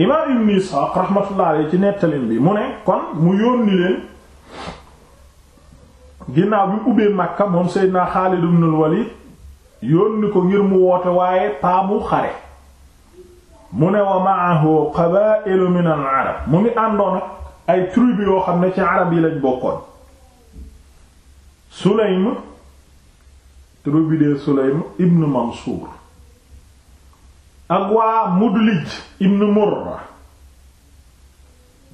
imaam ibn Isxaaq rahmatullah alayhi ci nettalin bi mu ne kon mu yónni leen ginnaaw bi mu ubbee Makka moom Seydina Xaalid ibn al yónni ko ngir mu woote waaye paa mu xare mu ne wa ma'ahu qabaa'ilu min arab mu ngi àndoon ak ay tribu yoo xam ne ci arab yi lañ bokkoon Sulaym tribu Sulaym ibn Mansuur ak waa Mudlij ibn Murra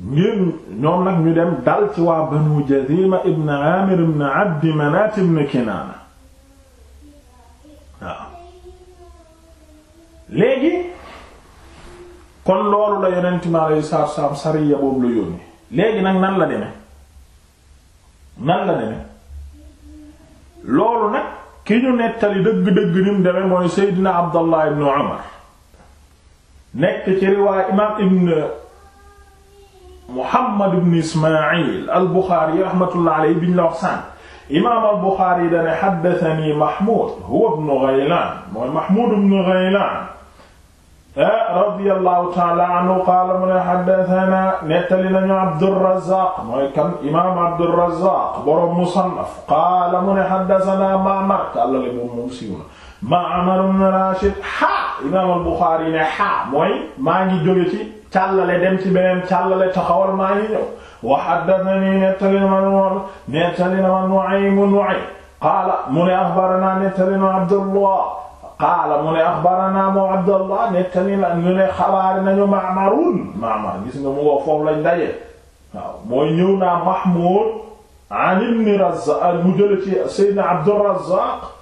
ngir ñoom nag ñu dem dal ci waa Banu Jazima ibn Amir ibn Abd Manat ibn Kinana waaw léegi kon loolu la yonent mi aleyhi salaatu sariya boobu la yónni léegi nag nan la deme nan la deme loolu nag ki ñu nettali dëgg-dëgg ni mu deme mooy Seydina Abdallah ibn Umar nekk ci riwaaya imaam ibn Muhammad ibn Ismaa'il al-Buxaari rahmatullahi alayhi biñ la wax sànq imaam al-Buxaari dane haddathanii Mahmuud huwa ibn Ghaylaan mooy Mahmuud ibn Ghaylaan ah, radiyallahu ta'ala anhu qaala mu ne haddathanaa nettali nañu Abdurrazzaaq mooy kan imaam Abdurrazzaaq boroom Musannaf qaala mu ne haddathanaa Ma'mar moom moom siiw na Ma'mar ibn Raashid imaam al Buxaari ne xaa mooy maa ngi jóge ci càllale dem ci beneen càllale taxawal maa ngi ñëw wa haddathanii nettali na ma noonu nettali na ma Nu'aym Nu'aym qaala mu ne axbaranaa nettali na Abdullah qaala mu ne axbaranaa moo Abdullah nettali na ñu ne xabaar nañu Ma'marun Ma'mar gis nga mu ngo foofu lañ daje waaw mooy ñëw naa Mahmud an ibn Razzaq mu jële ci Sayyidina Abdurrazzaq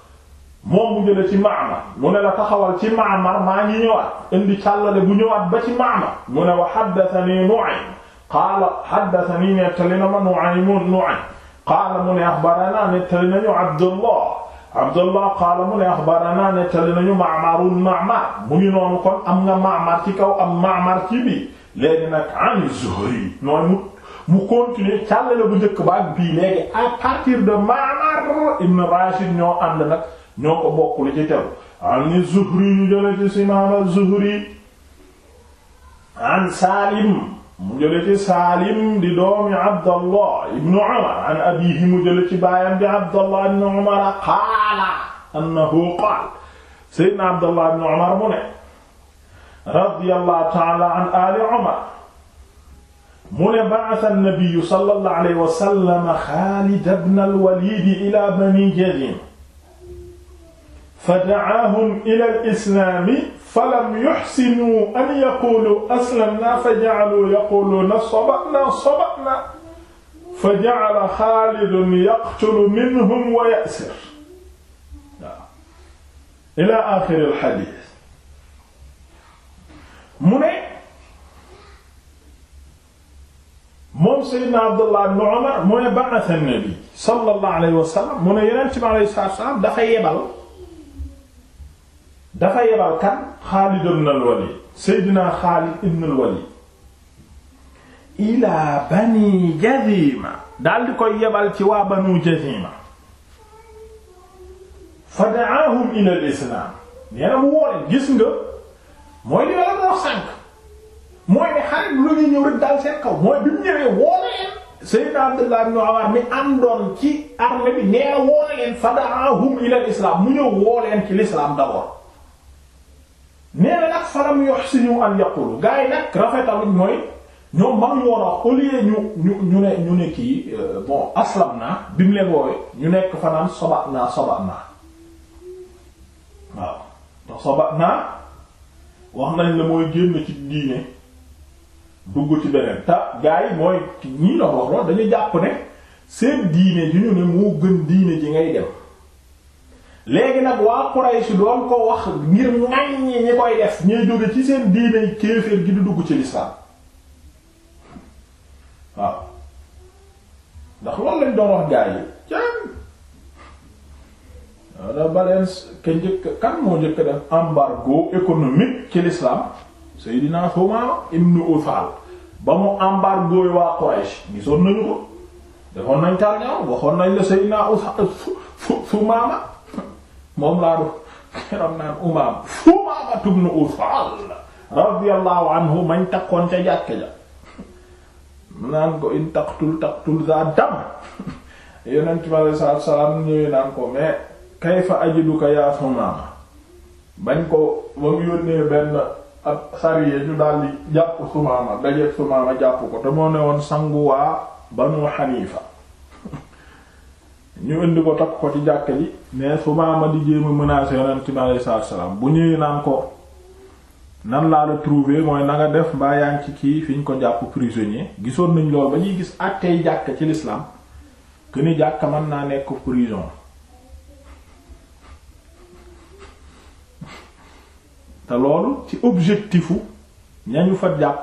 moom mu jële ci Ma'mar mu ne la taxawal ci Ma'mar maa ngi ñëwaat indi càllale bu ñëwaat ba ci Ma'mar mu ne wa haddathani Nu'aym qaala haddathani nettali na ma Nu'aym Nu'aym qaala mu ne akhbarana nettali nañu Abdullah Abdullah qaala mu ne akhbarana nettali nañu Ma'mar Ma'mar mu ngi noonu kon am nga Ma'mar ci kaw am Ma'mar ci bi léegi nag an Zuhri noonu mu mu continuer càllale bu njëkk ba ak bii léegi à partir de Ma'mar ibn Rashid ñoo ànd nag ñoo ko bokk li ci tew an ni Zuhri yu jële ci simaana Zuhri an Saalim mu jële ci Saalim di doomi Abdallah ibnu Umar an abiihi mu jële ci baayam di Abdallah ibnu Umar qaala annahu qaala Seydina Abdallah ibnu Umar mu ne radiyallahu ta'ala an aali Umar mu ne ba'atha an-nabiyyu sallallahu alayhi wa sallam Xaalid ibn al-Waliid ila Bani Jaziima fada'aahum ila al-islaam falam yuhsinuu an yaquuluu aslamnaa faja'aluu yaquuluuna saba'naa saba'naa faja'ala Xaalidun yaqtulu minhum wa ya'sir ila aaxiri al-hadiis mu ne moom Seydina Abdullah ibn Umar mu ne ba'atha an-nabi sallallahu alayhi wa sallam mu ne Yonent bi alayhi salaatu wa salaam dafa yebal dafa yebal kan Xaalid ibn al-Walid Seydina Xaalid ibn koy yebal ci waa Banu Jazima fa da'aahum ila al mu wooleen gis nga mooy li la wax sànq mooy ne xarit lu ñuy ñëw rek dal seen kaw mooy bi mu ñëwee woone Seydina Abdullah ibn Umar mi àndoon ci armée bi nee na woone leen fa mu ñëw wooleen ci l'islam d'abord nee na nag faram yuhsinu an yaqulu gars yi nag rafetaluñ mooy ñoom mag ñu woon wax ñu ñu ñu ne ñu ne kii euh, bon aslam naa bi mu leen ñu nekk fanaan soba naa soba naa waaw ndax naa wax nañ la mooy génn ci diine dugg ci beneen te gars yi mooy ñii dox wax lool dañu jàpp ne seen diine ju ñu ne moo gën diine ji ngay dem léegi nag waa Quraysh doon ko wax ngir ŋaññi ñi koy def ñuy jóge ci seen diine kéeféer gi du dugg ci lislaam waaw ndax loolu lañ doon wax gaa yi caan waaw da baleen ka njëkk kan moo njëkk def embargo économique ci lislaam Seydina Xumaama ibnu Uthal ba mu embargo yi waa Quraysh gisoon nañu ko defoon nañ tarñaaw waxoon nañ la Seydina Uthal Xumaama moom laa doon keroog naan Umaama Umaama ibn Uthal anhu mañ takkoon ca jàkke ja naan ko in taqtul taqtul za dam yonent bi alayhi salaatu salaam ñëwee naan ko mais kayfa ajiduka yaa Umaama bañ ko ba mu benn ab sariya ñu daldi jàpp Umaama dajeek Umaama jàpp ko te moo ne woon sangu Banu Hanifa ñu indi ko takk ko ci jàkka ji mais Sumaama di jéem a menacer yonent bi alayhi salaatu salaam bu ñëwee naan ko nan laa la mooy na def mbaa yaa kii fi ko jàpp prisonnier gisoon nañ lool ba ñuy gis àttee jàkka ci l'islam que ni jàkka mën naa nekk prison. te loolu ci objectifu ñañu fa jàpp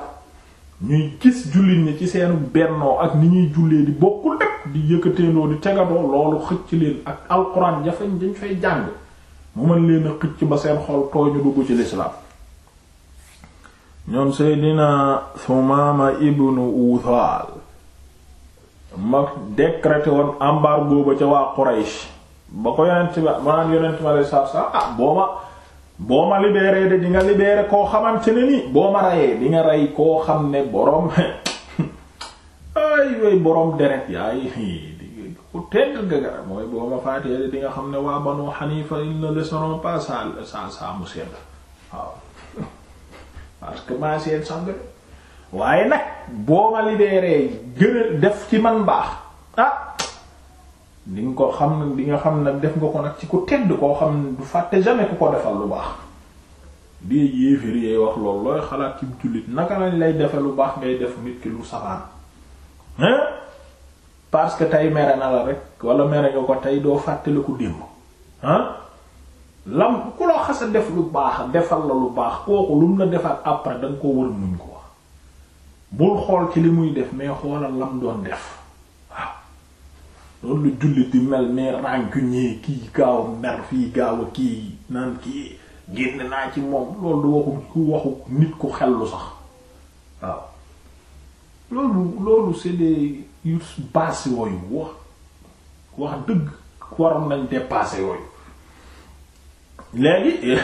ñuy gis jullit ñi ci seen bennoo ak ni ñuy jullee di bokkul. di yëkkateeloo di tegadoo loolu xëcc leen ak alquran jafeñ dañ fay jàng mu mën leen a xëcc ba seen xol tooy ñu dugg ci lislaam ñoom seydina Sumaama ibnu Uthaal ma décrété woon embargo ba ca waa Quraysh ba ko yonent ma maanaam yonent ma lay saab saab ah boo ma boo ma libéré de di nga koo xamante ne ni boo ma reyee di rey koo xam ne boroom ay way boroom deret yaay ku teg gagara mooy boo ma faatee di nga xam ne waa Banu Hanifa ils ne laisseront pas ça ça ça mu sedd waaw parce que maa seen sang waaye nag boo ma libéré gën a def ci man baax ah di nga ko xam ne di nga xam ne def nga ko nag ci ku tedd koo xam ne du fàtte jamais ku ko defal lu baax bee yéeféer yeey wax loolu looy xalaat ci jullit naka lañ lay defe lu baax ngay def nit ki lu safaan hein parce que tey mere na la rek walla mere nga ko tey doo fàttaliku démb ah lam ku la xasa def lu baax defal la lu baax kooku lu mu la defal après da ko wër muñ ko wax bul xool ci li muy def mais xoolal lam doon def waaw loolu lu jullit di mel mais rancunier kii gaaw mer fii gaaw a kii naan kii génn naa ci moom loolu du waxu ku waxu nit ku xellu sax waaw loolu loolu c'est des yu baas yooyu wax wax dëgg waroon nañ dépasser yooyu léegi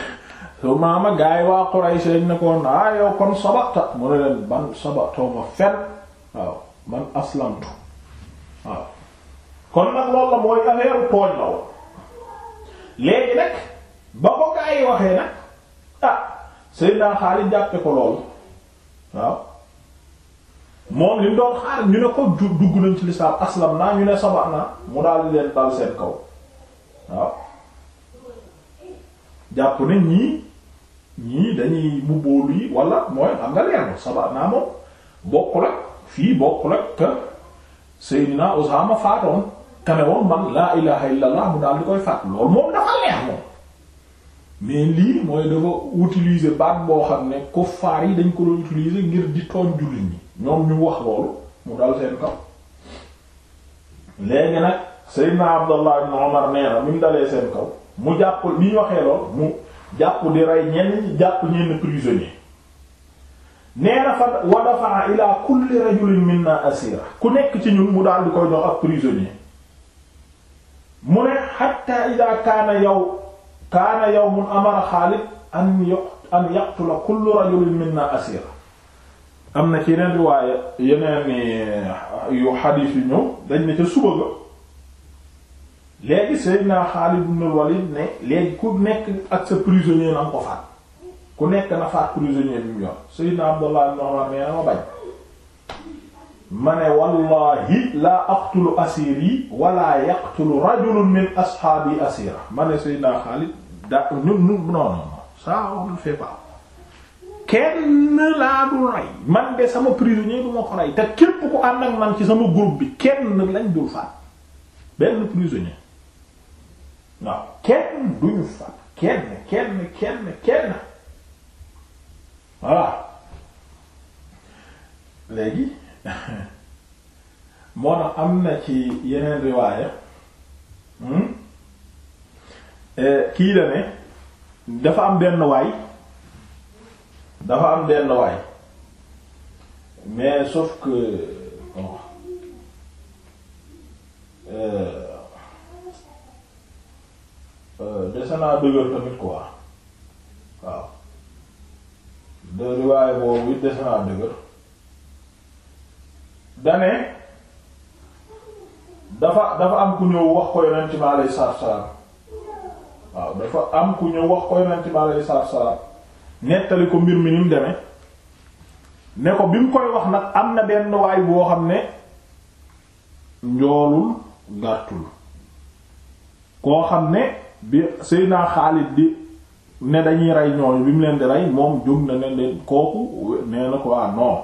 su maama gars waa Quraysh lañ ne ko ah kon sabata mu ne leen ban sabatoo ma fen waaw man aslamtu waaw kon nag loolu la mooy affaire tooñ la woon léegi nag ba ko gars waxee nag ah Seydina Xaalid jàppe ko loolu waaw moom li mu doon xaar ñu ne ko dugg nañ ci lislaam aslam naa ñu ne saba naa mu daal leen dal seen kaw waaw jàpp ne ñii ñii dañuy mubboolu yi wala mooy xam nga leer moom bokkul ak fii bokkul ak te Seydina Usaama faatoon kame woon man laa ilaha illallah mu daal di koy faat loolu moom dafa leer moom mais lii mooy dafa utiliser baat boo xam ne kuffaar yi dañ ko doon utiliser ngir di tooñ jullit ñi ñoom ñu wax loolu mu dal seen kaw léegi nag Seydina Abdallah ibn Umar nee na mu dalee seen kaw mu jàpp li ñu waxee lool mu jàpp di rey ñenn jàpp ñenn prisonnier nee na fa wa dafa ila kulli rajulin minna asira ku nekk ci ñun mu daal di koy jox ak prisonnier mu ne hatta ida kaana yow kaana yawmun amara Xaalid an yaqtula kullu rajulin minna asira am na ci yeneen riwaaya yeneen eh, yu xadiis yu ñëw dañ ne ca suba ga léegi Seydina Xaalid ibn Walid ne léegi ku nekk ak sa prisonnier na nga ko faat ku nekk na faat prisonnier bi mu yor Seydina Abdullah ibn Umar nee na ma bañ ma ne wallahi laa aqtulu asiri wala yaqtulu rajulun min ashaabi asira ma ne Seydina Xaalid da ñun ñun non non ça on fait pas kenn laa dul rey man de sama prisonnier du ma ko rey te képp ku ànd ak man ci sama groupe bi kenn lañ dul faat benn prisonnier waaw kenn duñu faat kenn kenn kenn kenn voilà léegi moo tax am na ci yeneen riwaaya hmm? eh, kii la dafa am benn waay dafa am benn waay mais sauf que bon euh, euh, dese naa dëgër tamit quoi waaw de riwaay boobu it dese naa dëgër dane dafa dafa am ku ñëw wax ko yonent bi alayhi salaatu salaam waaw dafa am ku ñëw wax ko yonent bi alayhi salaatu salaam nettali ko mbir mi ni mu ne ko bi mu koy wax nag am na benn waay boo xam ne njoolul gartul koo xam ne bi Seydina Xaalid di ne dañuy rey ñooñu bi mu leen di rey moom jóg na ne leen kooku nee na ko ah non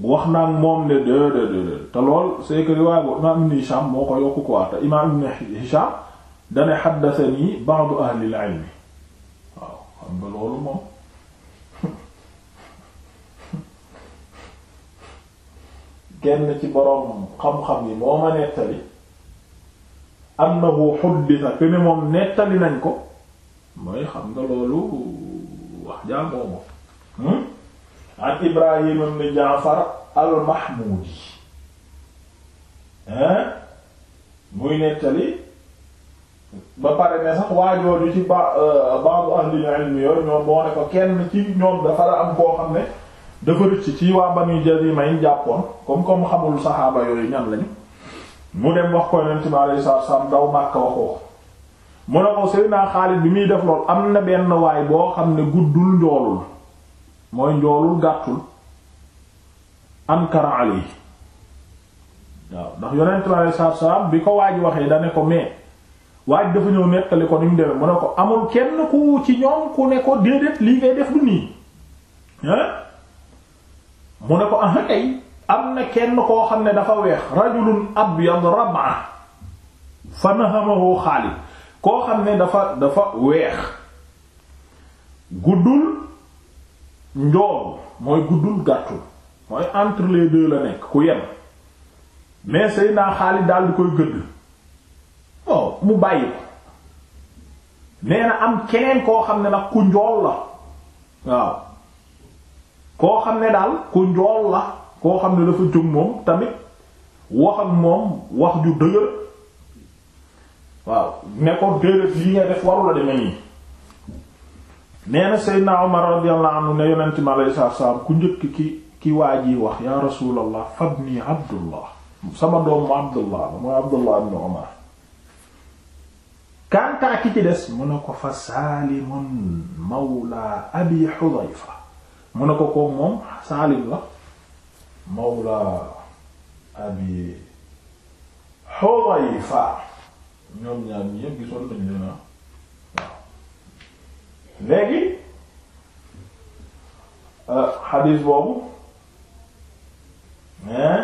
wax naag moom ne de de de te lool c'est que riwaay bu imaam Ibn Hisham moo ko yokku quoi te imaam Ibn Hisham dane xaddasani ba'du ahlil ilmi xam moom kenn ci boroom xam-xam yi moo ma nettali annahu xuddisa ki moom nañ ko mooy xam nga loolu wax hmm? an Ibrahim ibn Jaafar al-Mahmudi hein muy nettali ba pare ne sax waajooju ci ba euh, baabu ahlil yooyu ñoom moo ne ko kenn ci ñoom dafa la am koo xam ne dafa rëcc ci waa banu jazima yi jàppoon comme comme xamul saxaaba yooyu ñan lañu mu dem wax ko yonent bi alayhi salaatu salaam waxoo mu ne ko Seydina Xaalid bi muy def lool am na benn waay boo xam ne guddul njoolul mooy njoolul gàttul ankara alayhi waaw ndax yonent bi alayhi bi ko waaj waxee da ko mais waaye dafa ñëw nettali ko ni mu demee mu ne ko amul kenn ku ci ñoom ku ne ko déedéet lii ngay def du nii mu ne ko am na kenn koo xam ne dafa weex rajulun abyad rab'a fa nahamahu koo xam ne dafa dafa weex guddul njool mooy guddul gàttul mooy entre les deux la nekk ku yem mais Seydina Xaalid daal di koy gëdd mu bàyyi ko nee na am keneen koo xam ne nag ku njool la waaw koo xam ne daal ku njool la koo xam ne dafa jóg moom tamit wax ak moom wax ju dëgër waaw ne ko déedéet lii nga def waru la deme nii nee na Seydina Omar radiyallahu anhu ne yonent ku njëkk ki ki waa ji wax ya rasulallah fabni abdullah sama doom mu abdullah mooy abdullah ibn Omar kantaa ki ci des mu ne ko fa saalimun mawla abi xudayfa mu ko ko moom saalim la mawla abi xudayfa ñoom ñaar ñi yëpp gisoon nañ leen ah, waaw léegi euh, xadiis boobu euh,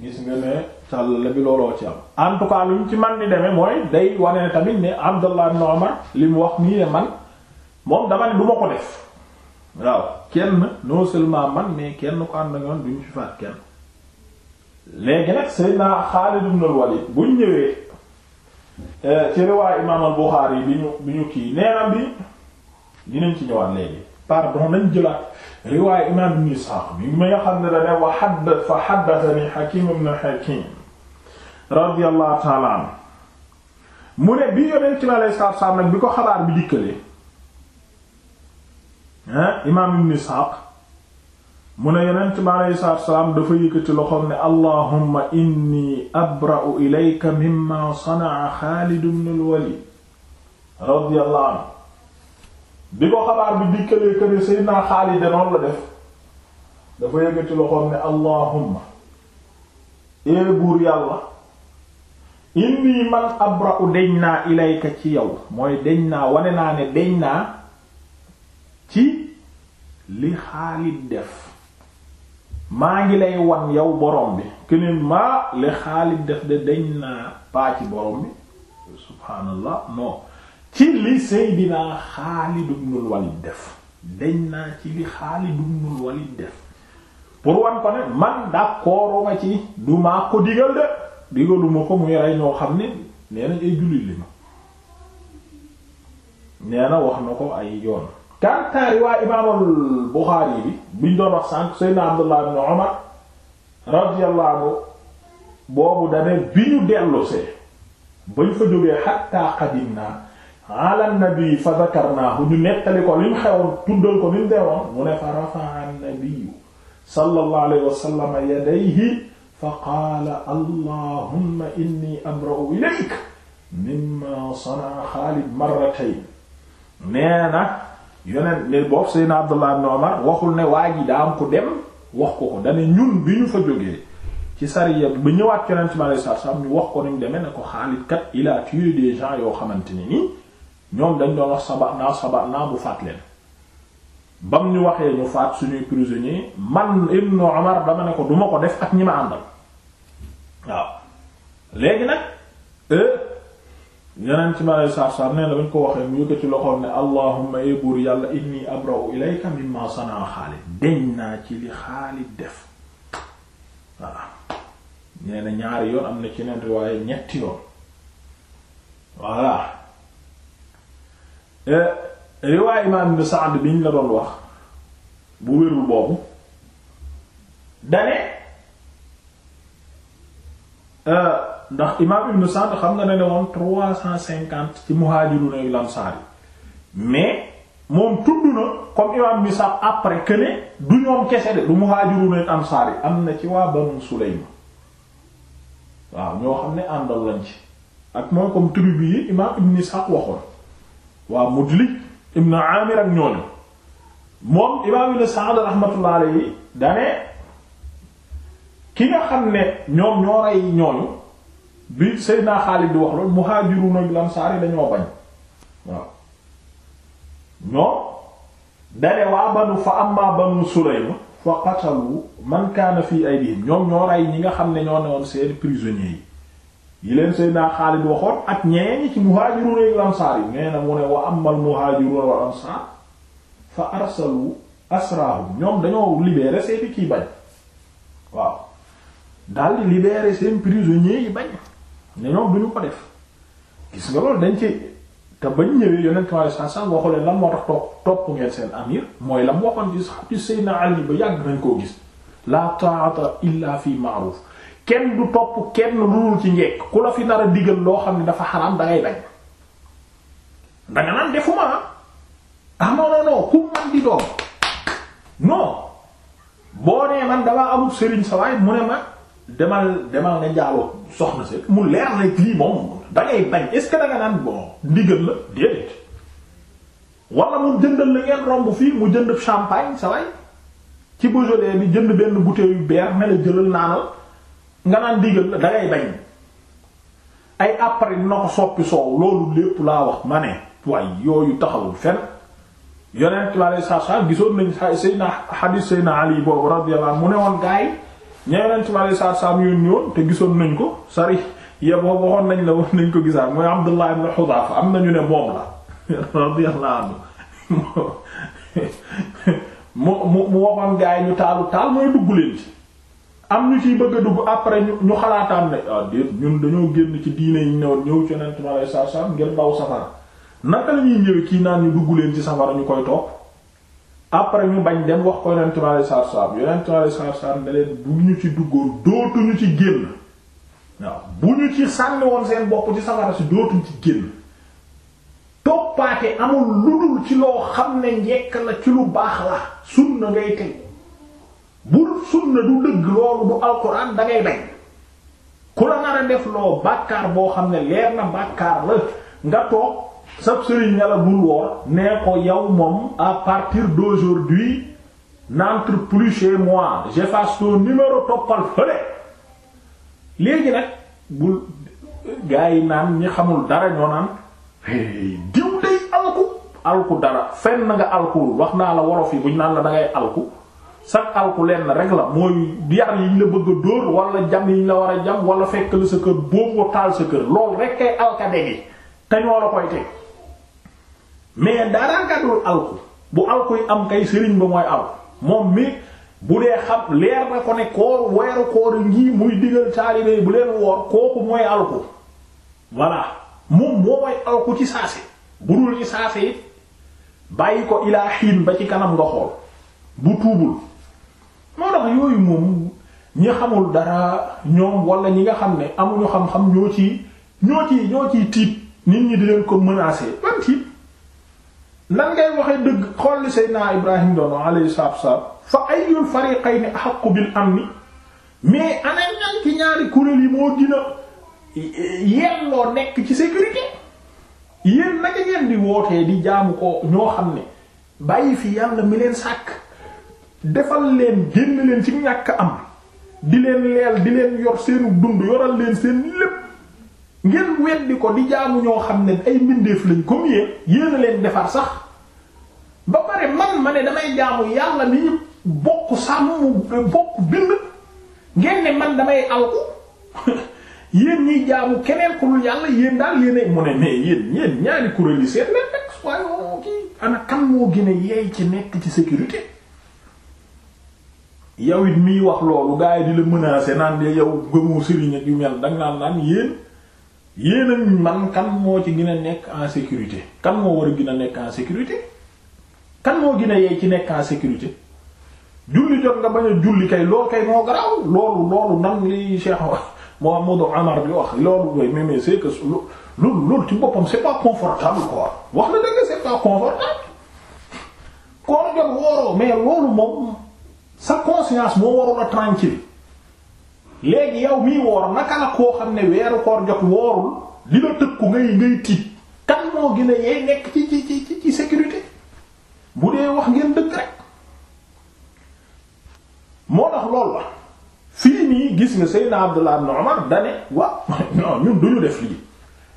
gis nga ne càllale bi looloo ci am en tout lu ñu ci man ni demee mooy day wane ne tamit ne Abdullah ibn Umar li mu wax nii ne man moom dama ne du ma ko def waaw kenn non seulement man mais kenn ko ànd nga duñu ci faat kenn léegi nag Seydina Xaalid ibn Walid buñ ñëwee euh, ci riwaay imaam al bi ñu bi ñu kii neenam bi dinañ ci ñëwaat léegi pardon nañ jëlaat riwaay imaam Ibn Isxaaq bi ma nga xam ne dane wa haddatha fa haddathani Hakiim ibn Hakiim radiyallahu ta'ala anhu mu ne bi yonent bi alayhi salaatu salaam nag bi ko xabaar bi dikkalee ah imaam ibn Isxaaq mu ne yonent bi alayhi salaatu salaam dafa yëkkati loxoom ne allahumma inni abra'u ilayka mimma sana'a Xaalid ibn al-Waliid radiyallahu anhu bi ko xabaar bi dikkalee que ne Seydina Xaalid noonu la def dafa yëkkati loxoom ne allahumma ee eh buur yàlla. inni man abra'u deñ naa ilayka ci yow mooy deñ naa wane naa ne deñ naa ci li Xaalid def maa ngi lay wan yaw borom bi keneen maa li Xaalid def de deñ naa paa ci borom bi subhaanallah non ci li Seydina Xaalid ibnul Walid def deñ naa ci li Xaalid ibnul Walid def pour wan ko ne man d'accord ma ci du ko digal de digaluma ko muy rey ñoo xam ne nee nañ ay jullit li ma nee wax na ko ay yoon kantaari waa imaamal Buxaari bi biñ doon wax sànq Seydina Abdullah ibn Umar radiyallahu boobu dane bi ñu dellusee bañ fa jógee hatta qadimna ala nabi fa dhakarnahu ñu nettali ko li mu tuddal ko li mu mu ne fa rafa'a an-nabiyyu sallallahu alayhi wa sallam yadayhi fa qaala allahumma inni abra'u ilayka mimma sanaa Xaalid marratayn nee na yonent ne boobu Seydina Abdullah ibn Umar waxul ne waa ji daa am ko dem wax ko ko dane ñun bi ñu fa jógee ci sariya bi ñëwaat yonent bi alayhi salaatu salaam ñu wax ko ni mu demee ne ko Xaalid kat il a tué des yoo xamante ni nii ñoom dañ doon wax saba'naa naa bu faat leen bam ñu waxee ñu faat suñuy prisonnier man Ibnu Umar dama ne ko duma ko def ak ñi ma àndal waaw léegi nag yeneen ci ma ne saar saar nee na bañ ko waxee mu yëkkati loxoom ne allahumma ee buur yàlla inni abra'u ilayka mimma sanaa Xaalid deñ naa ci li Xaalid def waaw nee ñaari yoon am na ci neen riwaaye ñetti yoon voilà euh, riwaay imaam ibn Sa'd biñ la doon wax bu wérul boobu dane euh, ndax imaam ibn Sa'd xam nga ne ne woon trois cent cinquante ci muhaajiruun ak lansaar yi mais moom tudd na comme imaam ibn Sa'd après que du ñoom kese de du muhaajiruun ak ansaar yi am na ci waa Banu Sulaym waaw ñoo xam ne àndal lañ ci ak mooy comme tribu yi imaam ibn Sa'd waxoon waa Mudlij ibn Amir ak ñooñu moom imaam ibn Sa'd rahmatullah alayhi dane ki nga xam ne ñoom ñoo rey ñooñu bi Seydina Xaalid di wax loolu muhaajiruuna bil ansaar yi dañoo bañ waaw ñoom dane waa banu fa amma banu Sulaym fa qatalu man kaana fi aydihim ñoom ñoo rey ñi nga xam ne ñoo newoon seen prisonniers yi yi leen Seydina Xaalid waxoon ak ñeeni ci muhaajiruun ak ansaar yi nee na mu ne wa ammal muhaajiruun wal fa arsalu asraahum ñoom dañoo libérer seeni kii bañ waaw daldi libérer seen prisonniers yi bañ ne ñoom duñu ko def gis nga loolu dañ ci te bañ ñëwee yonent ma saa saa waxu leen lan moo topp topp ngeen seen amir mooy la mu waxoon ci sax ci Seydina Ali ba yàgg nañ koo gis la ta'ata illa fi ma'ruf kenn du topp kenn lu dul ci njekk ku la fi nar a digal loo xam ne dafa xaraam dangay bañ danga naan defuma ah non non amul sëriñ sa waay mu ne ma demal demal nga jaaloo soxna leer na lii moom dangay bañ est danga naan bon ndigal la déedéet wala mu jëndal la ngeen romb fii mu jënd champagne sa waay ci Beaujolais bi jënd benn bouteille yu beer ne la jëlal naanal nga naan digal la dangay bañ ay après dina soppi soow loolu lépp laa wax ma ne waaye yooyu taxawul fen yonent bi alayhi salaatu salaam gisoon nañ Seydina xadiis Seydina Ali boobu radiyallahu anhu mu ne woon gaay yi ña yonent bi alayhi salaatu salaam yónni woon te gisoon nañ ko sari ya boobu waxoon nañ la wax nañ ko gisaat mooy Abdullah ibn Hudhafa am nañu ne moom la radiyallahu anhu mu mu waxoon gaa yi ñu taalu taal mooy dugg leen ci am ñu ciy bëgg dugg après ñu xalaataan ne ah déet ñun dañoo génn ci diine yi newoon ñëw ci yonent mi alayhi salaatu salaam ngir safara naka la ñuy ñëwee kii naan ñu dugg leen ci safara ñu koy topp après ñu bañ dem wax ko yonent mi alayhi salaatu salaam ne leen bu ñu ci duggoon dootuñu ci génn waaw bu ñu ci sànni woon seen bopp ci safara si dootuñu ci génn toppaate amul lu dul ci loo xam ne njekk la ci lu baax la sunna ngay teg bu sunna du dëgg loolu du alquran da ngay bañ ku la nar a def loo bàkkaar boo xam ne leer na bàkkaar la nga toog sab sëriñ ne la bul woor nee ko yow moom à partir d'aujourd'hui n'entre plus chez moi j'efface ton numéro toppal fële léegi nag bul gaa yi naan ñi xamul dara ñoo naan diw alku alku dara fenn nga alkuwul wax naa la worof yi buñ naan la dangay ngay alku sag alku lenn rek la mooy yar yiñ la bëgg a dóor wala jam yiñ la war a jam wala fekk la sa kër boobu taal sa kër loolu rek kay alka degi te ñoo la koy teg mais daaraanka dul alku bu alkuy am kay sëriñ ba mooy alku moom mi moom mooy alku ci saase bu dul ci saase it bàyyi ko ilaa ba ci kanam nga xool bu tuubul moo tax yooyu moom ñi xamul dara ñoom wala ñi nga xam ne amuñu xam-xam ñoo ci ñoo ci ñoo ci tiit nit ñi di leen ko menacer ban tiit lan ngay waxee dëgg xool li Seydina Ibrahim doon alayhi salaatu wassalaam fa ay ayyul fariqayni ahaqqu bil amni mais ana ñan ci ñaari kuréel yi moo dina loo nekk ci sécurité yéen naka ngeen di wootee di jaamu ko ñoo xam ne bàyyi fi yàlla mi leen sàkk defal leen génn leen ci ñàkk am di leen leel di leen yor seenu dund yoral leen seen lépp ngeen weddi ko di jaamu ñoo xam ne ay mbindeef lañ comme yéen yéen leen defar sax ba pare man ma ne damay jaamu yàlla ni ñu bokk sàmm bokk bind ngeen ne man damay alku yéen ñiy jaamu keneen ku dul yàlla yéen daal yéen mu ne mais yéen yéen ñaari kuréel yi seen leen rek waaye kii ana moo gën a yeey ci nekk ci sécurité yow it miy wax loolu gars yi di la menacer naan de yow gëmoo sëriñ ak yu mel danga naan naan yéen yéen man kan moo ci gën a nekk en sécurité kan moo war a gën a nekk en sécurité kan moo gën a ci nekk en sécurité julli jot nga bañ a julli kay lool kay moo garaaw loolu loolu nan li Cheikh Mouhamadou Amar bi wax loolu koy mais mais que loolu loolu ci boppam c'est pas confortable quoi wax na dëgg c'est pas confortable koor jot wooroo mais loolu moom sa conscience moo warul a tranquille léegi yow mii woor naka la koo xam ne weeru koor jot woorul li la tëkku ngay ngay tiit kan moo gën a yey nekk ci ci ci sécurité bu dee wax ngeen dëgg rek moo tax loolu la fii nii gis nga Seydina Abdullah ibn Umar dane waaw non ñun duñu def lii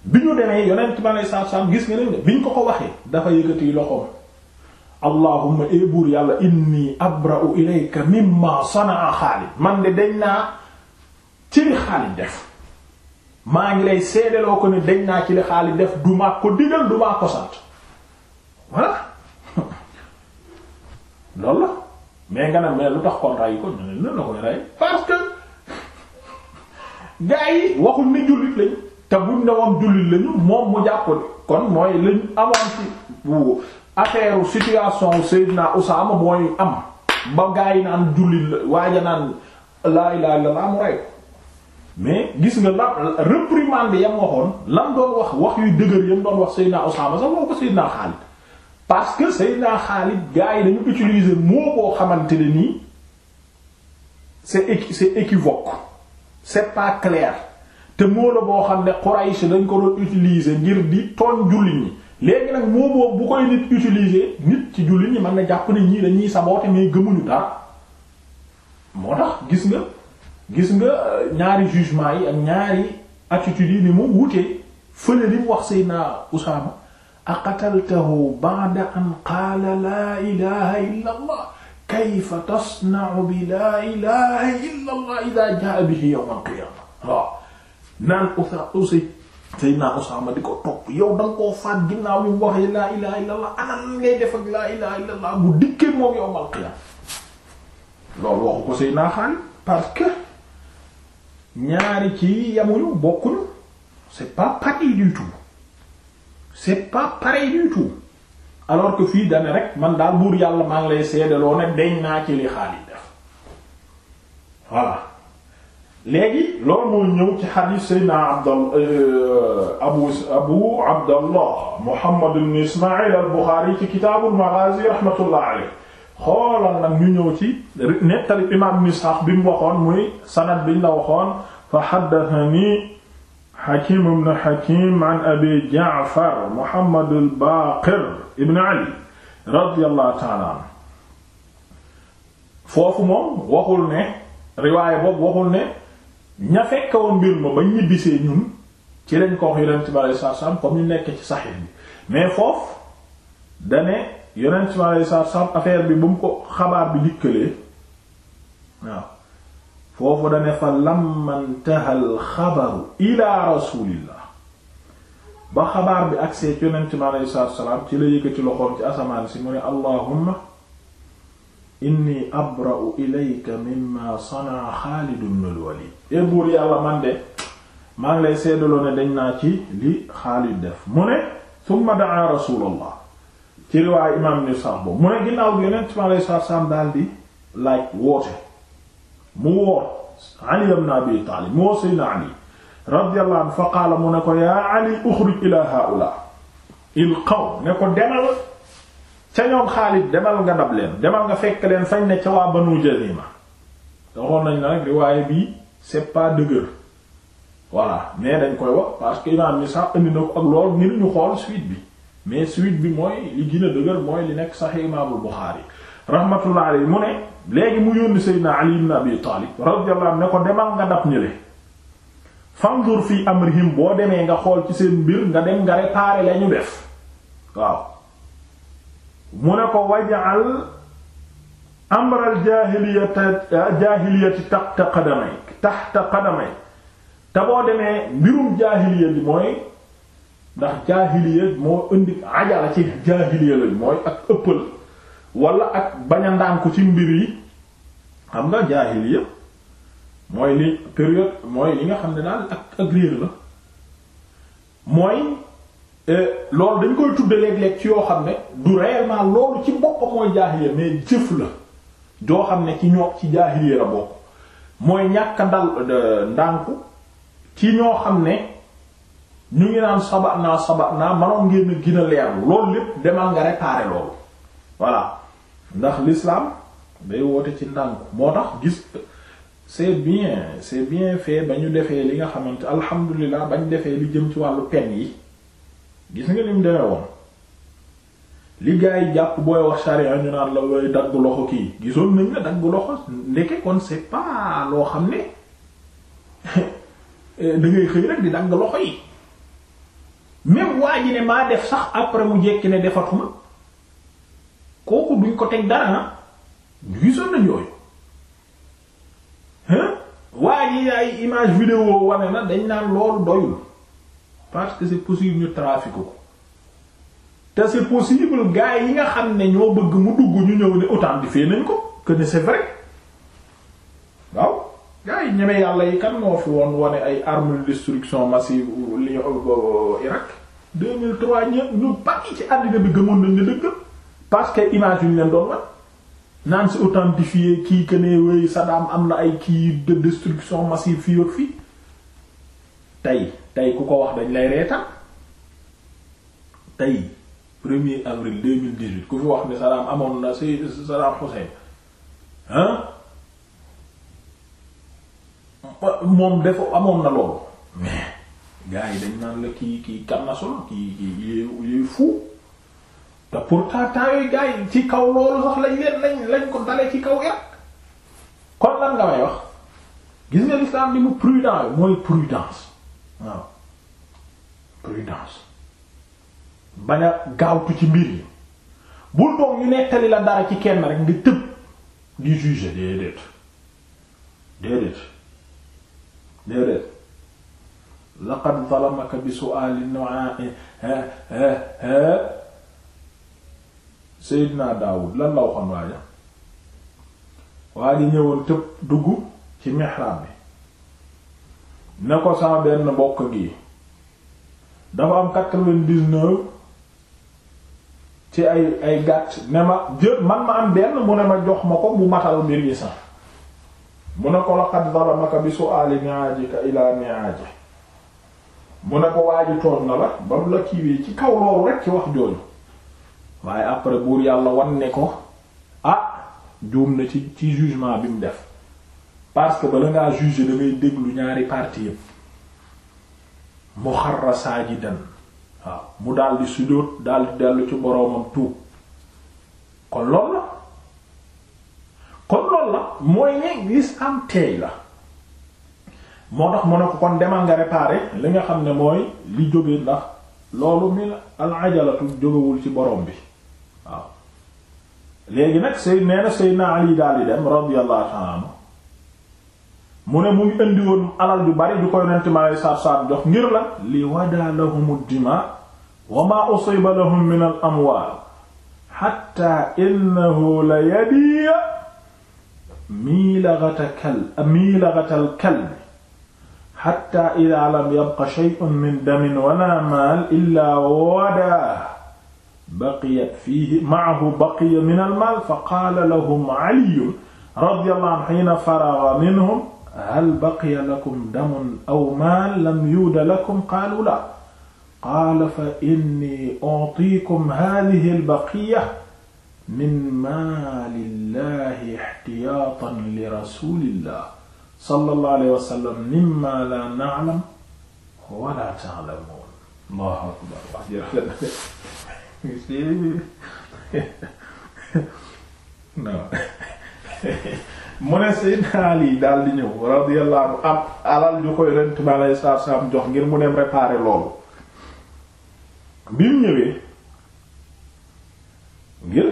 bi ñu demee yonent bi aleyhi salaatu salaam gis nga bi ñu ko ko waxee dafa yëkkati loxoom allahumma ee eh, buur yàlla inni abra'u ilayka mimma sanaa Xaalid man de dañ naa ci li Xaalid def maa ngi lay seedeloo ko ne dañ naa ci li Xaalid def du ko digal du ko sant voilà loolu la mais nga ne mais lu tax kon rey ko ñu ne lan la koy rey parce que gars yi waxul ni jullit lañ te buñ ne woon jullit lañu moom mu jàpp kon mooy lañ amoon ci affaire situation Seydina Usaama mooy am ba gaa yi naan jullit waaja naan laa ilaaha illallaah mu rey mais gis nga la réprimande yam waxoon lam doon wax wax yu dëgër yam doon wax Seydina Usaama sax moo ko Seydina Xaalid parce que Seydina Xaalid gaa yi dañu utiliser moo koo xamante ne nii c'est c'est équivoque c'est pas clair te moo la boo xam ne Quraysh dañ ko doon utiliser ngir di tooñ jullit ñi léegi nag moo bu koy nit utiliser nit ci julli ñi mën na jàpp ne ñii dañuy saboote mais gëmuñu dara moo tax gis nga gis nga euh, ñaari jugement yi ak ñaari attitude yi ni mu wutee fële li mu wax Seydina Usaama aqataltahu ba'da an qaala laa ilaha illa allah kayfa bi laa ilaha illa allah jaa bihi yawm al-qiyaama waaw naan usa Seydina Usaama di ko topp yow da koo faat ginnaaw yu waxee laa ilaha illallah anam ngay def ak laa ilaha illallah bu dikkee moom yow mal qiyaam loolu waxu ko Seydina Xaalid parce que ñaari ci yamuñu bokkuñu c'est pas pareil du tout alors que fii dane rek man daal buur yàlla maa ngi lay seedaloo ne deñ naa ci li def voilà léegi loolu moo ñëw ci xadiis seydna abdal euh, abu abu abdallah muhammad ibn ismail al buxaari ci kitaabul maghazi rahmatullah alayh xoolal nag ñu ñëw ci nettali imam ibn isxaaq bi mu waxoon muy sanad biñ la waxoon fa haddathani hakim ibn hakim an abi ja'far muhammad al baqir ibn ali radiyallahu ta'ala anhu foofu moom waxul ne riwaaya boobu waxul ne ña fekk woon mbir ma bañ ñibbisee ñun ci lañ ko wax yonent bi alayhi salaatu salaam comme ñu nekk ci saxiix bi mais foofu dane yonent bi alayhi salaatu salaam affaire bi ba mu ko xabaar bi dikkalee waaw foofu dane fa lamma intaha al xabaru ila rasulillah ba xabaar bi agsee ci yonent bi alayhi salaatu salaam ci la yëkkati loxoom ci asamaan si mu ne allahumma inni abra'u ilayka mimma sanaa Xaalid ibn al-Walid e buur yàlla man de maa ngi lay seedaloo ne dañ naa ci li Xaalid def mu ne summa daa rasulallah ci riwaay imaam ni sax boobu mu ne ginnaaw bi yonent mi alayhi salaatu salaam daal di laaj woote mu woo Ali ibn Abi Taalib mu woo Seydina Ali radiyallahu anhu fa qaala mu ne ko yaa Ali uxrij ilaa haa'ulaa'i il qawm ne ko demal ca ñoom Xaalid demal nga dab leen demal nga fekk leen fañ ne ca waa Banu Jazima waxoon nañ la rek riwaaye bii c'est pas dëgër voilà mais dañ koy wax parce que imaam ni sax indi na ko ak lool ngir ñu xool suite bi mais suite bi mooy li gën dëgër mooy li nekk Sahih Imaamul Buxaari rahmatullah alayhi mu ne léegi mu yónni Seydina Ali ibn Abi Taalib radiyallahu anhu ne ko demal nga dab ñële fii fi amrihim boo demee nga xool ci seen mbir nga dem nga réparer la ñu def waaw mu ne ko waj'al amral jaahiliyati jaahiliyati tahta qadamayk tahta qadamayk te boo demee mbirum jaahiliya bi mooy ndax jaahiliya moo indi ajala ci jaahiliya lañ mooy ak ëppal wala ak bañ ko ci mbir yi xam nga jaahiliya mooy li période mooy li nga xam ne daal ak ak réer la mooy loolu dañ koy tudde léeg-léeg ci yoo xam ne du réellement loolu ci boppam mooy jaahiliya mais jëf la joo xam ne ci ñoo ci jaahiliya la bokk mooy ñàkk ndal ndànku ci ñoo xam ne ñu ngi naan saba naa saba naa manoon ngeen gën a leerlu loolu lépp demal nga réparer loolu voilà ndax lislaam day woote ci ndànku moo tax gis c'est bien c'est bien fait ba ñu defee li nga xamante alhamdulilah ba ñu defee li jëm ci wàllu peine yi gis nga lim demee woon li gaa yi jàpp booy wax sharia ñu naan la dagg loxo kii gisoon nañ la dagg loxo ndeke kon c'est pas loo xam ne da ngay xëy rek di dagg loxo yi même waa ne maa def sax après mu jekki ne defatuma kooku duñ ko teg dara ah gisoon nañ yooyu hein waa ji ay image vidéo wane na dañ naan loolu doyul parce que c'est possible ñu trafiqué ko te c'est possible gars yi nga xam ne ñoo bëgg mu dugg ñu ñëw ne authentifié nañ ko que ne c'est waaw gars yi ñeme yàlla yi kan moo fi woon wane ay armes de destruction massive li Irak 2003 ñëpp ñu bari ci àddina bi gëmoon nañ ne dëgg parce que image yu ñu leen doon wan naan si authentifié kii que ne wey Saddam am na ay kii de destruction massive fii ak fii tey. tey ku ko wax dañ lay reetaan tey premier avril deux mille dix-huit ku fi wax ni Saddam amoon na si Saddam Hussein hein moom dafa amoon na loolu mais gars yi dañ naan la kii kii karnason kii kii yooyu fou te pourtant temps yooyu gars yi ci kaw loolu sax lañ leen lañ lañ ko dalee ci kaw yàq kon lan nga may wax gis nga l'islam ni mu prudent mooy prudence waaw prudence bañ gaawtu ci mbir yi bul doom ñu nettali la dara ci kenn rek nga tëb di juger déedéet déedéet déedéet laqad zalamaka bi su'ali nu'a'i Seydina Daawud lan la waxoon waaja waa ji ñëwoon tëb dugg ci mihrab bi ne ko sama benn mbokk gi dafa am quatre vingt dix ci ay ay gàtt ne ma jël man ma am benn mu ne ma jox ma ko mu matal mbir sax mu ne ko laqad zalamaka bi su'ali ni'ajika ila ni'aji mu ne ko waaji toon na la ba mu la kiiwee ci kaw loolu rek ci wax jooju waaye après buur yàlla wan ne ko ah juum na ci ci jugement bi mu def parce que bala ngaa juger da déglu ñaari parties yëpp muxarra saajidan waaw mu daldi sujjóot daldi dellu ci boroomam tuub kon lool la kon lool la mooy ne gis am teey la moo tax mu ne ko kon demal nga réparer li nga xam ne mooy li jóge ndax loolu mi al ajalatu jógewul ci borom bi waaw léegi nag say nee na Seydina Ali daldi dem radiyallahu ta'ala mu ne mu ngi indi woon alal ju bari ju ko yonent mi aleyhi salaatu salaam jox ngir la li wada lahum dima wa ma usiba lahum min al amwaal hatta innahu la yadi miilagata kalb miilagatal kalb hatta idha lam yabqa shay'un min damin wala maal illa wada baqiya fiihi ma'ahu baqiya min al maal fa qaala lahum Ali radiyallahu anhu hiina faragha minhum hal baqiya lakum damun aw maal lam yuuda lakum qaalu la qaala fa inni utiikum haadihi albaqiya min maalillahi ihtiyaatan li rasulillah sallallahu alayhi wa sallam mimma la na'lam wa la ta'lamuun allahu akbar Seydina Ali daal di ñëw radiyallahu am alal ju ko yonent bi alayhi salaatu salaam jox ngir mu dem réparer loolu bi mu ñëwee ngir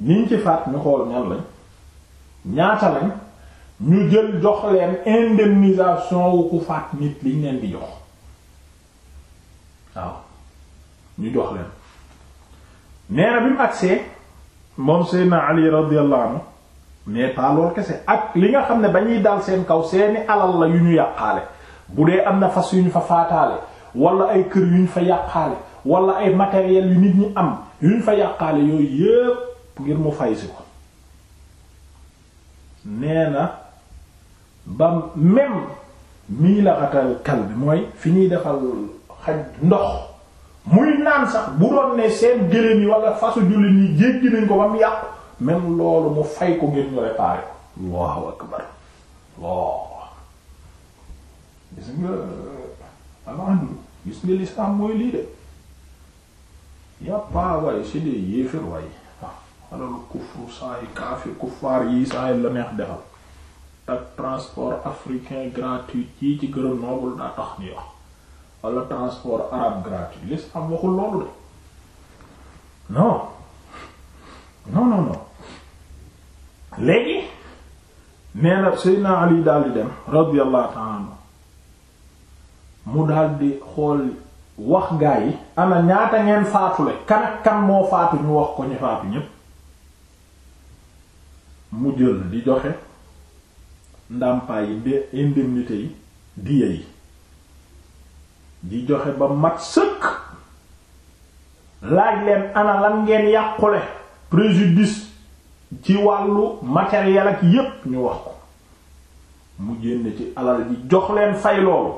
ñiñ ci faat ñu xool ñan lañ ñaata lañ ñu jël jox leen indemnisation wu ku faat nit liñ leen di jox waaw ñu jox leen nee bi mu agsee moom Seydina Ali radiyallahu mais pas loolu kese ak li nga xam ne ba ñuy dal seen kaw seeni alal la yu ñu yàqaale bu dee am na fas yu ñu fa faataale wala ay kër yu ñu fa yàqaale wala ay matériel yu nit ñi am yu ñu fa yàqaale yooyu yépp ngir mu fay si ko nee na ba même mii la xatal kal bi mooy fi ñuy defal xaj ndox muy naan sax bu doon ne seen gëléem yi wala fasu jullit ñi jéggi nañ ko ba mu yàqu même loolu mu fay ko ngir ñu réparé ko allahu akbar waaw gis nga alhamdu gis nga l'islam mooy lii de yàppaa waaye si dee yéefir waaye ah, alal kufru saa yi kaafir kuffaar yi saa yi la neex defal ak transport africain gratuit yi ci Grenoble daa tax ni wax wala transport arabe gratuit l'islam waxul loolu de non non non léegi nee na Seydina Ali daldi dem radiyallahu ta'ala anhu mu daldi xool wax gaa yi ana ñaata ngeen faatule kan ak kan moo faatu ñu wax ko ñu faatu ñépp mu jël di joxe ndàmpaay yi de yi diya yi di joxe ba mat sëkk laaj leen ana lan ngeen yàqule préjudice ci wàllu matériel ak yépp ñu wax ko mu génn ci alal ji jox leen fay loolu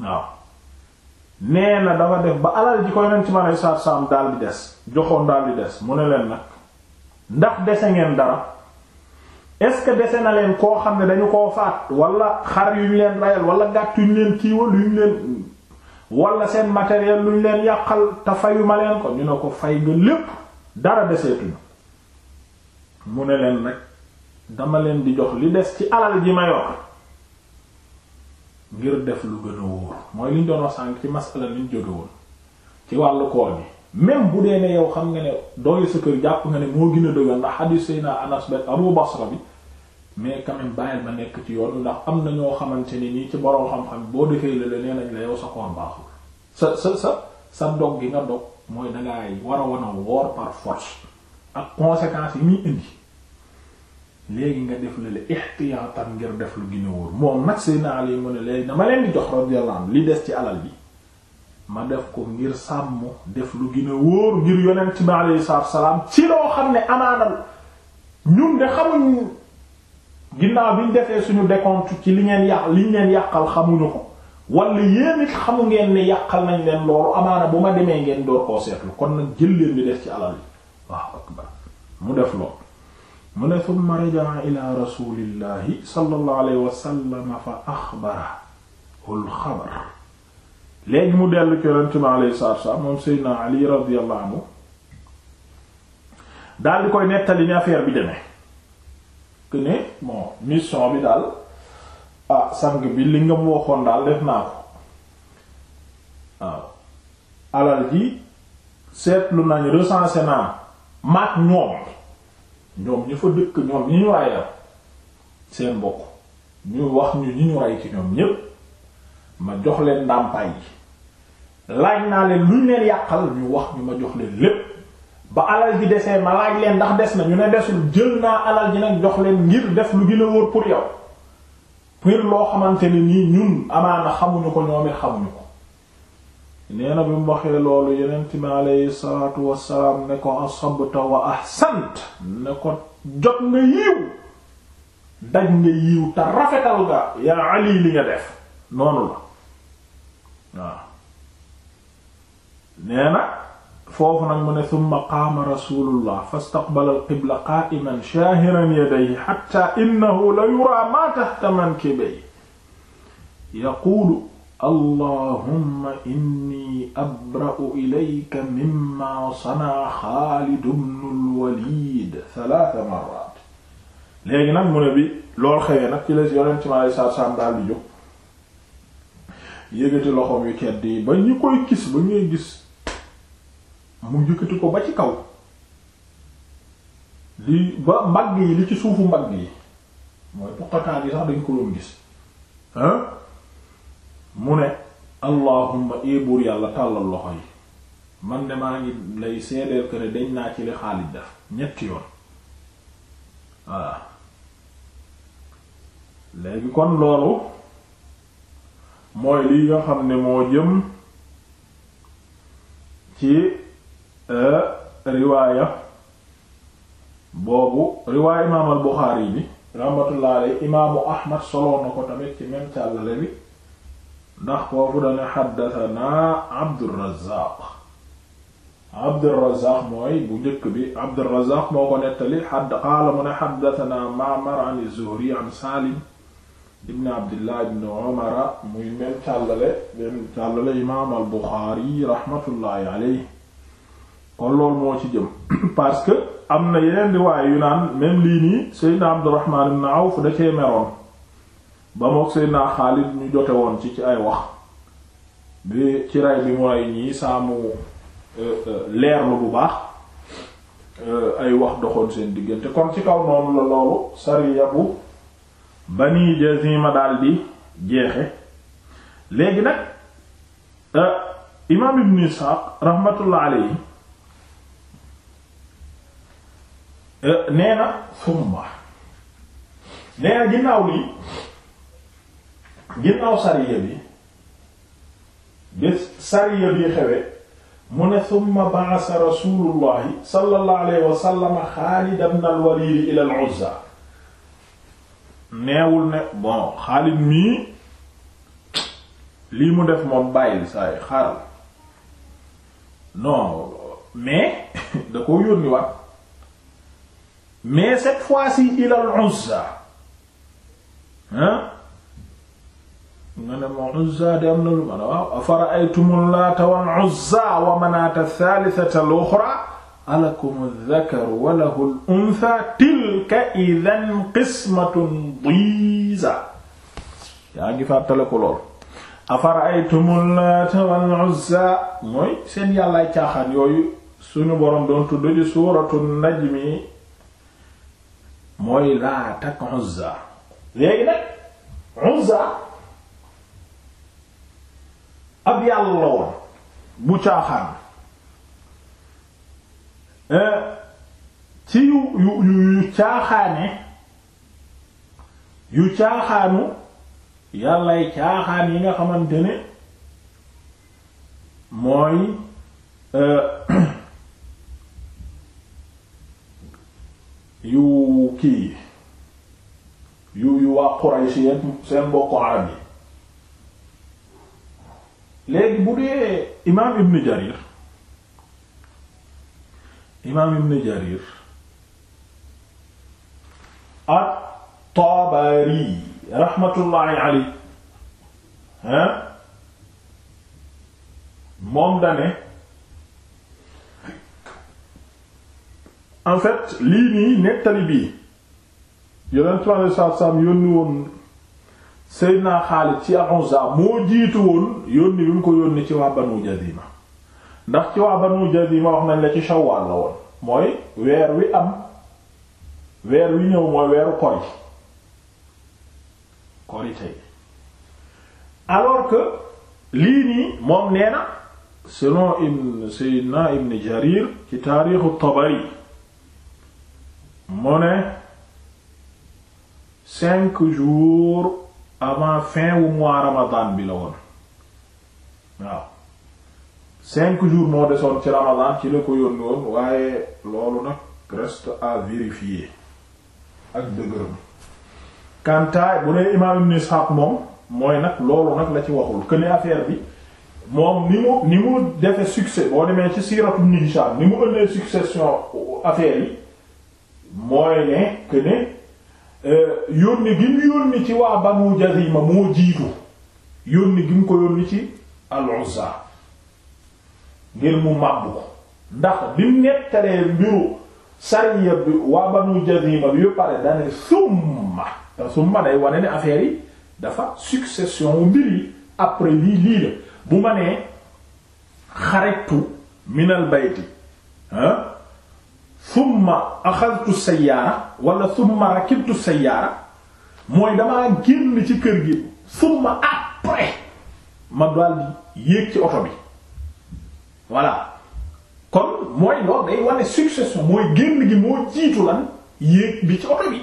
waaw nee na dafa def ba alal ji ko yonent ma lay saar saam daal di des joxoon daal di des mu ne leen nag ndax dese ngeen dara est-ce que dese na leen koo xam ne dañu koo faat wala xar yu ñu leen rayal wala gàtt yu ñu leen kiiwa lu ñu leen wala seen matériel lu ñu leen yàqal te fayuma leen ko ñu ne ko fay nga lépp dara deseetuñu mu ne leen nag dama leen di jox li des ci alal ji ma yor ngir def lu gën a wóor mooy liñ doon wax sànq ci masala niñ jóge woon ci wàllu kool bi même bu dee ne yow xam nga ne dooyu sa kër jàpp nga ne moo gën a dëgër ndax xadiis Seydina Anas bin Abu Basra bi mais quand même bàyyil ba nekk ci yoon ndax am na ñoo xamante ni nii ci borom xam-xam boo defee la la nee nañ la yow sa koor baaxul sa sa sa sa dog gi nga dog mooy dangay war a wan a woor par force ak conséquences yi mi indi léegi nga def la le ixtiyaatan ngir def lu gën a wóor moom nag seen alal yi mu ne léegi dama leen di jox radiyallahu anhu li des ci alal bi ma def ko ngir sàmm def lu gën ngir yonent bi alayhi salaatu salaam ci loo xam ne amaanal ñun de xamuñ ginnaaw bi ñu defee suñu décompte ci li ngeen yàq li ngeen yàqal xamuñu ko wala yéen it xamu ngeen ne yàqal nañ leen loolu amaana bu ma demee ngeen door koo seetlu kon nag jël leen di def ci alal yi Allahu akbar mu def lool mu ne summa rajaa ila rasulillahi sallallahu alayhi wa sallam fa axbarahu al mu dellu ci yonent bi alayhi moom Seydina Ali radiyallahu anhu di koy nettali ni affaire bi demee que ne bon mission bi daal ah, sang bi li nga mu waxoon daal def naa ko waaw alal ji seetlu nañ recensé naa maak ñoom ñoom ñu fa dëkk ñoom ñi ñu rey la seen mbokk ñu wax ñu ñi ñu rey ci ñoom ñépp ma jox leen ndàmpaay yi laaj naa leen luñ leen yàqal ñu wax ñu ma jox leen lépp ba alal ji desee ma laaj leen ndax des na ñu ne desul jël naa alal ji nag jox leen ngir def lu gën a wóor pour yow pour loo xamante ne nii ñun amaana xamuñu ko ñoom it xamuñu ko nee na bi mu waxee loolu yenent mi aleyhi salaatu wassalaam ne ko asabta wa ahsant ne ko jot nga yiiw daj nga yiiw te rafetal nga yaa ali li nga def noonu la waaw nee na foofu nag mu ne thumma qaama rasulullah fastaqbala alqibla qa'iman shaahiran yadayhi hatta innahu la yuraa ma tahta mankibayhi yaqulu allahumma inni abra'u ilayka mimma sanaa xaalid ibnul waliid salaasa marraat léegi nag mu ne bi lool xewee nag ci les yonent ci ma lay saar saam daal di jóg yëgati loxoom yu tedd yi ba ñu koy gis ba ñuy gis mu yëkkati ko ba ci kaw li ba mbagg yi li ci suufu mbagg yi mooy poqataan sax dañ ko doon gis hein mu ne allahumma ee buur yàlla tàllal loxo yi man de maa ngi lay seedeel ko dañ naa ci li Xaalid def ñetti yoon voilà léegi kon loolu mooy li nga xam ne moo jëm ci euh, riwaaya boobu riwaaya imaam al bi rahmatullah alayhi imaamu Ahmad soloon na ko tamit ci même càllale bi ndax foofu dana xaddatanaa abdurazaq abdurazaq mooy bu njëkk bi abdurazaq moo ko nettali xadd qaala mu ne xaddatanaa maamar an zuhri an saalim ibn abdillah ibn omara muy mel càllale mel al buxaari raxmatullaahi aley kon loolu moo parce que am na yeneen riwaaya yu naan même lii nii seydna abdurahmaan da cee ba mook Seydina Xaalid ñu jote woon ci ci ay wax bi ci rey bi mooy rey ñii saamu euh, euh, leerlu bu baax euh, ay wax doxoon seen diggante kon ci kaw noonu la loolu sariya bu Bani Jazima daal di jeexe léegi nag imaam Ibn Isxaaq rahmatullah alayhi nee na summa ginnaaw lii ginnaaw sariya bi bi sariya bi xewe mu ne thumma ba'asa rasulullahi sallallahu alayhi wa Xaalid ibn al-Walid ila al-Uzza neewul ne bon Xaalid mii lii mu def moom bàyyil saay xaaral non mais da koo yónni waat mais cette fois-ci ila al-Uzza hein nga ne ma Uzza de am na lu ma ne waaw afara'aytumul Laata wal Uzza wa manaata thalithata al-ukhra alakumu dhakaru wa lahul untha tilka idhan qismatun diiza yaa ngi fàttale ko lool afara'aytumul Laata wal Uzza mooy seen yàllaay caaxaan yooyu suñu boroom doon tudd ci suuratu najmi mooy Laata ak Uzza léegi nag Uzza ak yàlla la woon bu caaxaan eh, ci yu yu yu caaxaane yu caaxaanu yàllay caaxaan yi nga xamante ne mooy eh, yu kii yu yu waa Quraysh seen bokku arab yi léegi bu dee imaam ibn jarir imaam ibn jarir at-Tabari raxmatullaahi alayhi hein moom dane en fait lii nii nettali bii yonent sallallahu alayhi wasallam yónni woon Seydina Xaalid ci al moo jiitu woon yónni bi mu ko yónni ci waa Banu Jazima ndax ci waa Banu Jazima wax nañ la ci Shawwal la woon mooy weer wi am weer wi ñëw mooy weeru kori kori tey alors que lii nii moom nee na selon ibn Seydina Ibn Jarir ci taarixu Tabari mu ne cinq jours avant fin wu mois ramadan bi la woon waaw cinq jours moo desoon ci ramadan ci la ko yónni woon waaye loolu nag reste à vérifier ak dëgërëm kantaa bu dee imaam Ibn Ishaq moom mooy nag loolu nag la ci waxul que ne bi moom ni mu ni mu defe succès boo demee ci siiratu Ibn Hisham ni mu ëndee succession affaire yi mooy ne que Euh, yónni gi mu yónni ci waa Banu Jazima moo jiitu yónni gi mu ko yónni ci al-Uzza ngir mu màbbu ko ndax bi mu nettalee mbiru sariya bi waa Banu Jazima bi yu pare dane te summa day wane ne affaire dafa succession wu mbir après lii lii la bu ma nee xarajtu minal bayti ah summa axadtu sayyaara wala summa rakibtu sayyaara mooy damaa génn ci kër gi summa après ma daal yéeg ci oto bi voilà kon mooy loolu day wane succession mooy génn gi moo jiitu lan yéeg bi ci oto bi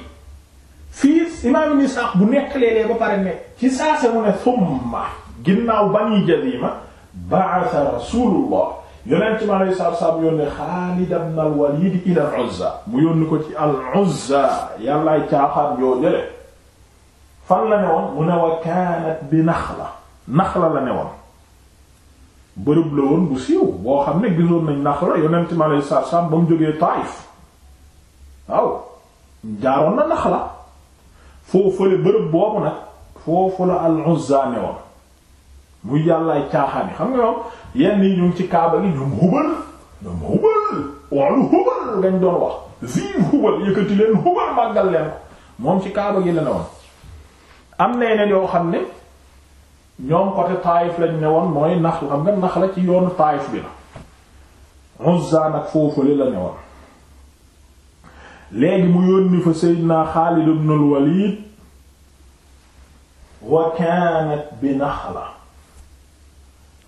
fii imaam ibn Isaaq bu nekk léeg-léeg ba pare ne ci saa se mu ne summa ginnaaw Bani Jazima ba'atha Rasulullah yonent mi alayhi salaatu salaam yónnee Xaalid ibn al-Waliid ila al-Uzza mu yónni ko ci al-Uzza yàllaay caaxaan yoo jële fan la ne mu ne wa kaanat bi Naxla Naxla la ne woon bërëb la bu siiw boo xam ne gisoon nañ Naxla yonent mi alayhi salaatu salaam ba mu jógee Taayif waaw jaaroon na Naxla foo fële bërëb boobu nag foofu al-Uzza ne muy yàllaay caaxaani xam nga yoon yenn yi ñu ci kaaba gi ñoom hubal ñoom hubal wàllu hubal ngañ doon wax vive hubal yëkkati leen hubal màggal leen moom ci kaaba gi la ne woon am na yeneen yoo xam ne ñoom côté Taayif lañ ne woon mooy nax la xam nga nax la ci yoonu Taayif bi la Uzza nag mu yónni fa Seydina Xaalid ibn al-Walid wa kaanat bi Naxla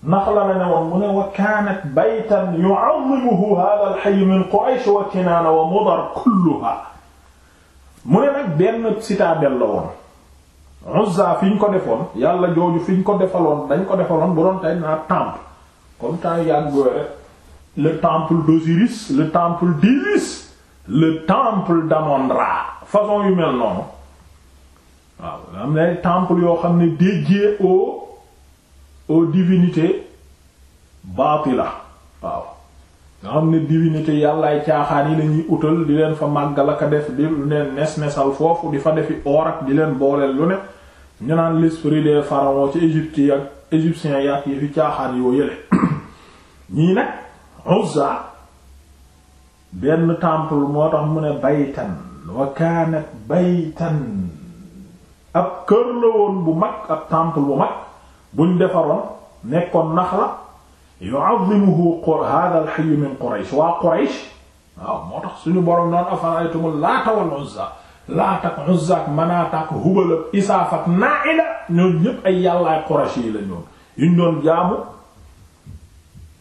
ndax la la ne woon mu ne wa kaanat baytan yu'azzimuhu haadha al-hayy min Quraysh wa Kinaana wa Mudar kulluha mu ne nag benn citadelle la woon Uzza fi ñu ko defoon yàlla jooju fi ñu ko defaloon dañ ko defaloon bu doon tey naa temple comme temps yàgg rek le temple d'Osiris le temple d'Isis le temple d'Amon-Ra façon yu mel noonu waaw am na temple yoo xam ne dédié au aux divinités baatila waaw nga xam ne divinité yàllaay caaxaan yi lañuy utal di leen fa màggal ak a def di lu leen nes nesal foofu di fa defi or di leen booleel lu ne ñu naan l'esprit des pharaons ci Égypte yi ak égyptiens yi fi caaxaan yoo yële ñii nag Uzza benn temple moo tax mu ne baytan wa baytan ab kër la woon bu mag ab temple bu mag buñ defaroon nekkoon naxla yu'azzimuhu hadha al-hayy min Quraysh waa Quraysh waaw moo tax suñu borom noonu afara'aytumul Laata wal Uzza Laata ak Uzza ak Manaata ak Hubal ak Isaaf ak Naa'ila ñooñu ñëpp ay yàllaay Quraysh yi la ñoon yuñ doon jaamu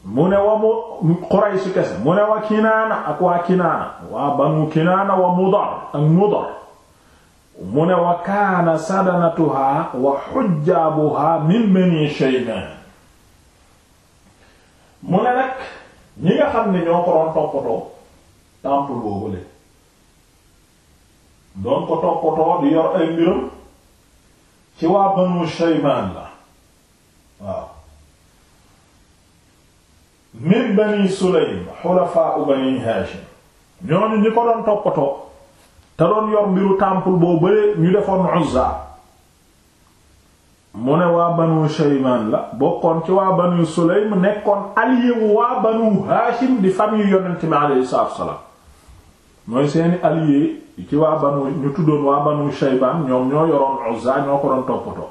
mu ne wa mu Quraysh kese mu ne wa Kinaana ak waa Kinaana waa Banu Kinaana wa Mudar ak Mudar mu ne wa kaana wa xujjaabuha min bani shayban mu ne nag ñi nga xam ne ñoo ko doon toppatoo temple boobule doon ko toppatoo di yor ay ci waa banu shayban la min bani sulaym xulafaa bani haashim ñooñu ñi ko doon toppatoo te doon yor mbiru temple boo bëree ñu defoon Uzza mu ne waa banu Shaymaan la bokkoon ci waa banu Sulaym nekkoon allié waa banu Haashim di famille yonent bi alayhi salaatu mooy seeni allié ci waa banu ñu tuddoon waa banu Shaybaan ñoom ñoo yoroon Uzza ñoo ko doon toppatoo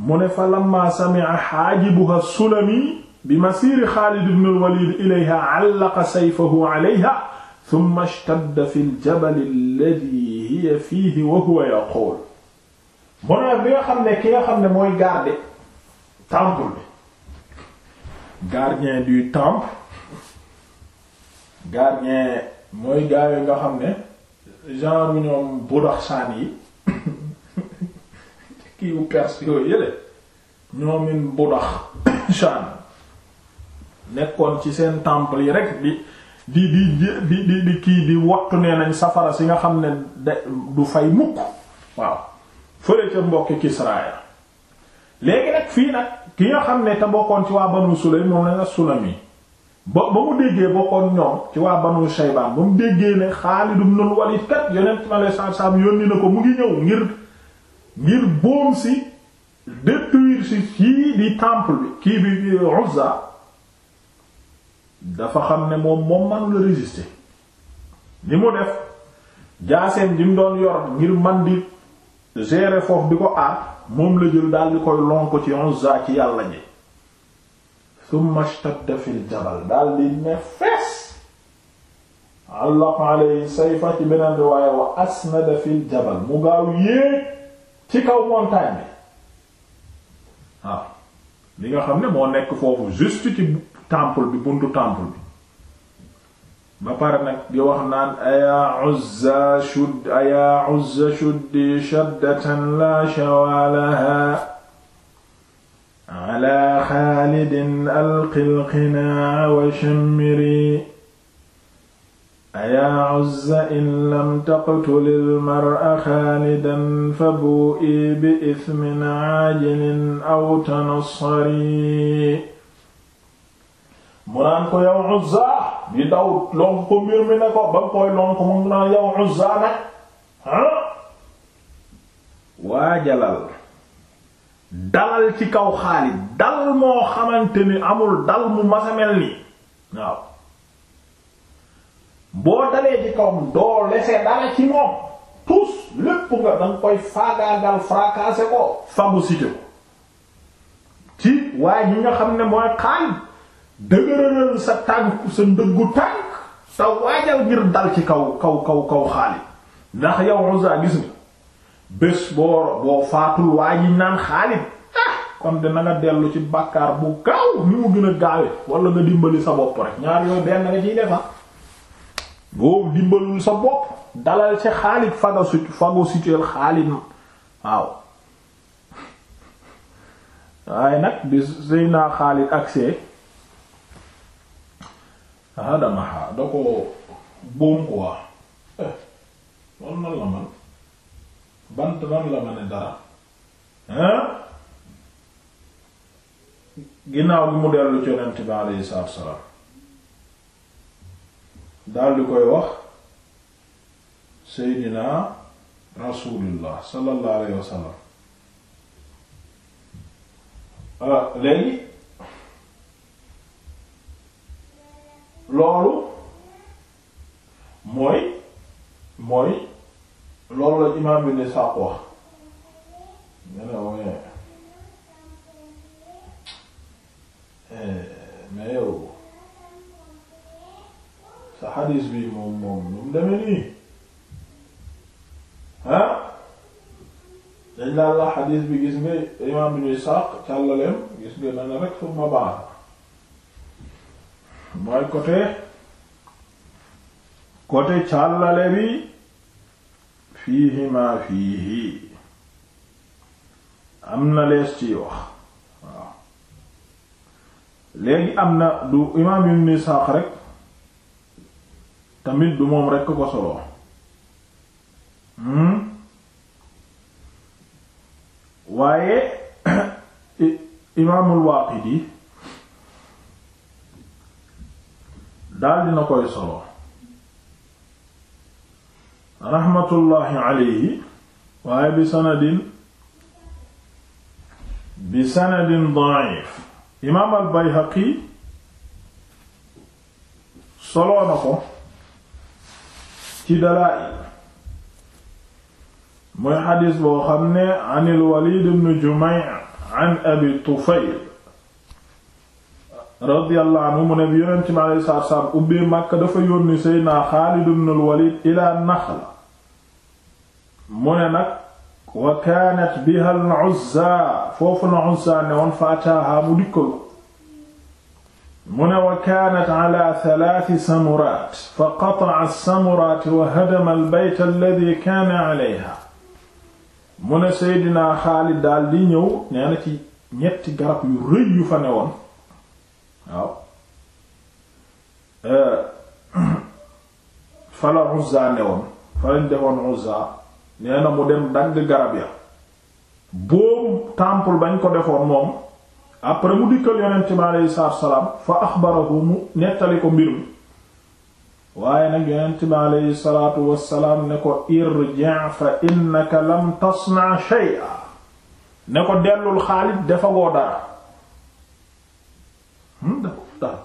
mu ne fa lamma sami'a haajibuha Sulami bi masiiri Xaalid ibn al-Waliid ilayha allaqa sayfahu alayha summa ishtadda fi ljabal alladi hiya fiihi wa huwa yaquul mu ne bi nga xam ne ki nga xam ne mooy garde temple bi gardien du temple gardien mooy gaayo nga xam ne genre ñoom Budaxsaan yi kiiwu Perse yooyu yële ñoomin Budaxsaan nekkoon ci seen temple yi rek bi di di di kii di wattu ne nañ safara si nga xam ne du fay mukk waaw fële ca mbokki Kisraaya léegi nag fii nag ki nga xam ne te bokkoon ci waa Banu Sulaym moom la nga Sulami ba ba mu déggee bokkoon ñoom ci waa Banu Shaybaan ba mu déggee ne Xaalid ibn Walid kat yonent ma saab saab yónni na ko mu ngi ñëw ngir ngir boom si détruire si kii di temple bi kii bi Uzza dafa xam ne moom moom manu la résister ni mu def jaaseen ji mu doon yor ngir man di gérer foofu di ko aar moom la jël daal di koy lon ko ci onza ci yàlla ji thumma ishtadda fil jabal daal di ne fees allaq alayhi sayfa ci beneen riwaaya wa asnada fil jabal mu gaaw yéeg ci kaw montagne bi waaw li nga xam ne moo nekk foofu juste ci temple bi buntu temple bi ba pare nag di wax naan ayaa Uzza shudd ayaa Uzza shuddi shaddatan laa shawalaha ala xaalidin alqil qinaa wa shammiri ayaa Uzza in lam taqtulil mar'a xaalidan fabuu'i bi ismin aajilin aw tanassari mu naan ko yow Uzza di daw lonk ko mbir mi ne ko ba mu koy lonk mu naan yow Uzza nag ah waajalal dalal ci kaw Xaalid dal moo xamante ni amul dal mu masamel nii waaw boo dalee ci kaw doo lese dala ci moom tous lépp nga danga koy faagaagal fracassé ko phagocyté ko ci waaye ñi nga xam ne mooy Xaalid dëgëralal sa tànk sa ndëggu tànk sa waajal ngir dal ci kaw kaw kaw kaw Xaalid ndax yow Uzza gis nga bés boo boo faatul waa ji naan Xaalid ah kon de na dellu ci bàkkaar bu gaaw ni mu gën a gaawe wala nga dimbali sa bopp rek ñaar yooyu benn nga ciy defa ah. boo dimbalul sa bopp dalal ci Xaalid faga su fago suteel Xaalid waaw waaye nag bi sëy naa Xaalid agsee hadamaha da ko buum quoi eh, loolu man la man bant man la ma ne dara hein eh? ginnaaw bi mu dellu ci yonent bi alayhi salaatu wa salaam dal di koy wax seydinaa rasulullah sallallahu alayhi wa sallam ah, léegi loolu mooy mooy loolu la imaam bi ne sàq wax nga ne eh, yow sa xadiis bi moom moom nu mu demee nii ah dañ la xadiis bi gis nga imaam bi ñuy sàq càllaleem gis nga ne rek fu ma mooy côté côté càllale bi fiihi ma fiihi am na lees ciy wax waaw léegi am na du imaam Ibn Isaaq rek tamit du moom rekk ko solo hmm? waaye imaamul Waaqidi daal dina koy solo raxmatullaahi alayhi waaye bi sanadin bi sanadin da'if imaam al bayhaqi soloo na ko ci dalaa'il muy xadiis boo xam ne an al walid ibn jumay' an abi tufayl radiyallahu anhu mu ne bi yonent mi alayhi salaatu salaam ubbee Makka dafa yónni Seydina Xaalid ibn al-Walid ila Naxla mu ne nag wa kaanat biha al-Uzza foofu la Uzza ne woon fa ataaha mu dikkal mu ne wa kaanat ala thalaati samuraat fa qata'a as-samuraat wa hadama al-bayt alladhi kaana alayha mu ne Seydina Xaalid daal di ñëw nee na ci ñetti garab yu rëy yu fa ne woon waaw euh, fa la Uzza ne woon fa lañ defoon Uzza nee mu dem dagg garab ya boobu temple bañ ko defoon moom après mu dikkal yonent bi aleyhi salaatu salaam fa axbarahu mu nettali ko mbir waaye nag yonent bi aleyhi salaatu wassalaam ne ko irji' fa innaka lam tasna shay'a ne ko dellul Xaalid defagoo dara Hmm, dafa tar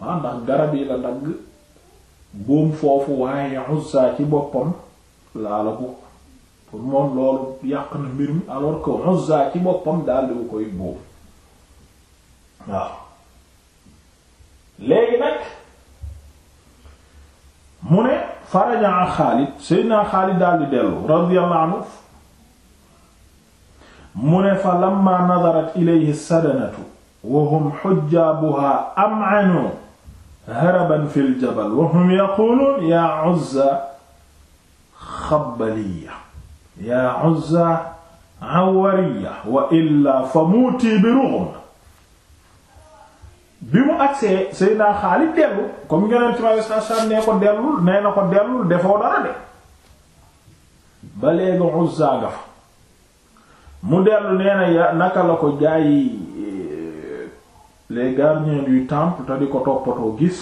ah, ndax garab yi la dagg buum foofu waaye Uzza ci boppam laala ko pour moom loolu yàq ci boppam daal di koy buum waaw dellu radiyallahu anhu mu ne fa lamma nadarat ilayhi sadanatu wahum xujjaabuha am'anu haraban fil jabal wahum yaquluun yaa Uzza xabbaliya yaa Uzza awariya wa illaa fa muutii bi rughma bi mu agsee Seydina Xaalid dellu comme Yonent bi alayhi salaam nee ko dellul nee na ko dellul defoo dara de ba léegi Uzza nga fa mu dellu nee na naka la ko jaayi les gardiens du temple te di ko toppatoo gis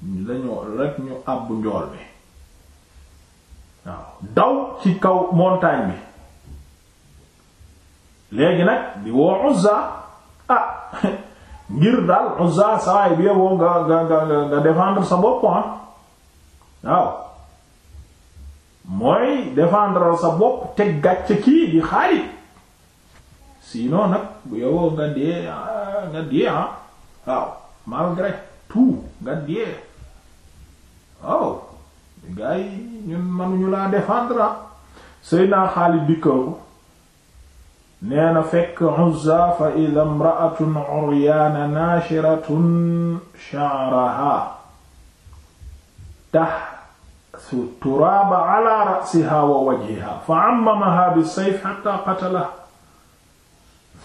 dañoo rek ñu àbb njool bi waaw daw ci kaw montagne bi léegi nag di woo Uzza ah ngir daal Uzza sawaay bi yeboo nga nga nga nga défendre sa bopp ah. waaw mooy défendre sa bopp te gàcce kii di xaari sinon nag bu yeboo nga dee ah, nga dee ah waaw malgré tout nga dee waaw gars yi ñun manuñu laa défendre ah Seydina Xaalid dikkal ko nee na fekk Uzza fa ida imraatun uryaana naashiratun sha'raha tahsu turaaba ala ra'siha wa wajhiha fa ammamaha bisayf hatta qatalaha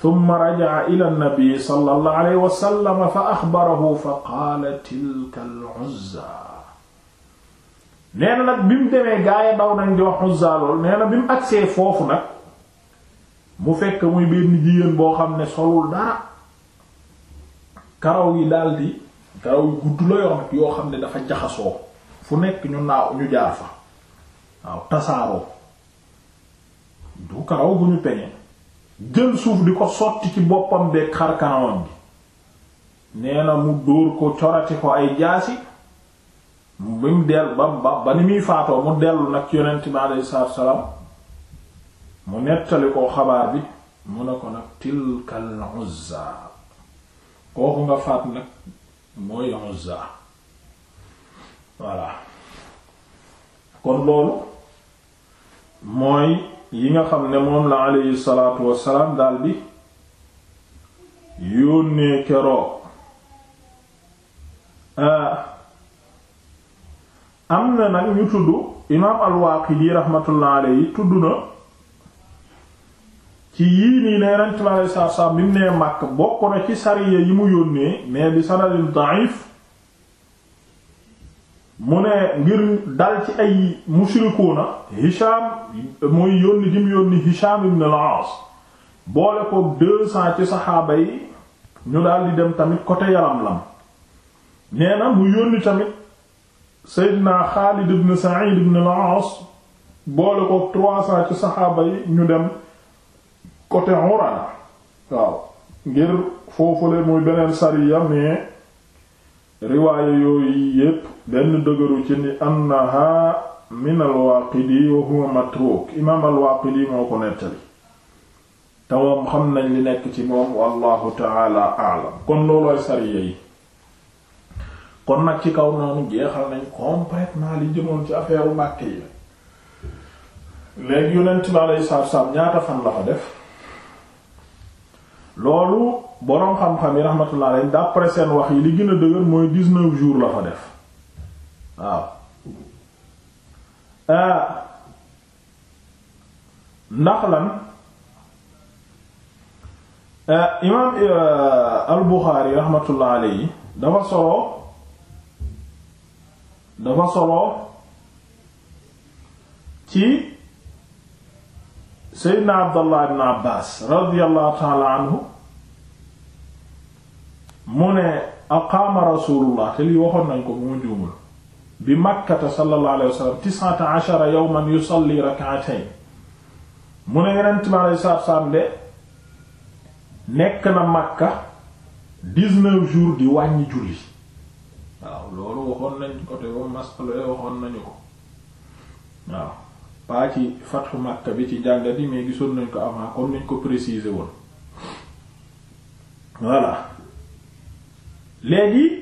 summa raja'a ila nabi sallallahu alayhi wa sallam fa axbarahu fa qaala tilka al-Uzza nee nag bi mu demee gaa yi daw nañ di wax Uzza lool nee bi mu agsee foofu nag mu fekk muy benn jigéen boo xam ne solul dara karaw yi daldi karaw yi gudd la yoo yoo xam ne dafa jaxasoo fu nekk ñu naaw ñu jaar fa waaw tasaaroo du karaw bu ñu peñe jël suuf di ko sotti ci boppam beeg xar kanamam bi nee na mu dóor ko corati ko ay jaasi bi mu ba ba ba ni muy faatoo mu dellu nag ci yonent bi salaam mu nettali ko xabaar bi mu ne ko nag tilkal Uzza kooku nga faat nag mooy Uzza voilà kon loolu mooy yi nga xam ne moom la aleyhi salaatu wassalaam daldi yónnee keroog ah, am na nag ñu tudd imaam al-Waaqidi raxmatullah aleyhi tudd na ci yii nii ne yonent bi aleyhi salaatu wassalaam bi bokk na ci sariya yi mu yónnee mais bi sanadin da'if mu ne ngir dal ci ay mushrikuuna Hisham mooy yónni di mu yónni Hisham ibn al-Aas boole ko ci saxaaba yi ñu daal di dem tamit côté Yalamlam nee na mu yónni tamit Seydina Xaalid ibn Sa'id ibn al-Aas boole ko trois cents ci saxaaba yi ñu dem côté Urana waaw ngir foofule muy beneen sariya mais riwaaya yooyu yépp benn dëgëru ci ni annaha min al-Waaqidi wa huwa matruuk al-Waaqidi moo ko nettali te xam nañ li nekk ci moom wallahu taala aalam kon loolooy sariya yi kon nag ci kaw noonu jeexal nañ complètement li jëmoon ci affaire u Makka yi léegi yonent bi alayhi salaatu wa salaam ñaata fan la fa def loolu boroom xam-xam yi rahmatullah alayhi d'après seen wax yi li gën a dëgër mooy dix-neuf jours la fa def waaw euh, ndax euh, imaam euh, al-Bukhari rahmatullah dafa solo dafa solo ci Seydina Abdallah ibn Abbas radiyallahu ta'ala anhu mu ne aqaama rasulullah te lii waxoon nañ ko bu mu juumul bi makkata sallallahu alayhi ti sallam tis'ata ashara yawman yusalli rak'atayn mu ne yonent bi alayhi salaatu de nekk na makka dix jour di wàññi julli waaw loolu waxoon nañ ko te ba masala waxoon nañu ko waaw paa ci fatxu makka bi ci jàngat yi mais gisoon nañ ko avant comme niñ ko préciser woon voilà léegi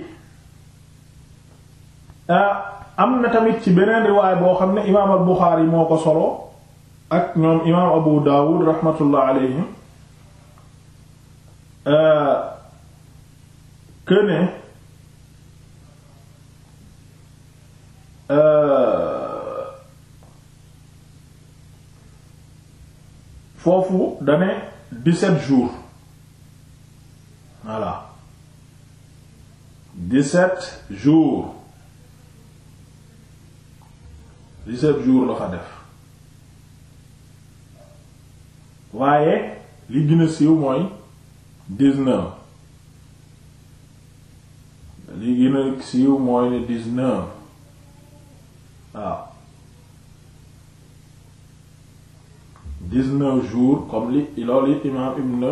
euh, am na tamit ci beneen riwaay boo xam ne imaam al Buxaari moo ko solo ak ñoom imaam Abu Daawud rahmatullah alayhi këne euh, euh, foofu dane 17 jours voilà dix-sept jours dix-sept jours la def waaye li gën a siiw mooy dix-neuf li gën a siiw mooy ne dix-neuf waaw dix-neuf jours comme li loolu imaam Ibn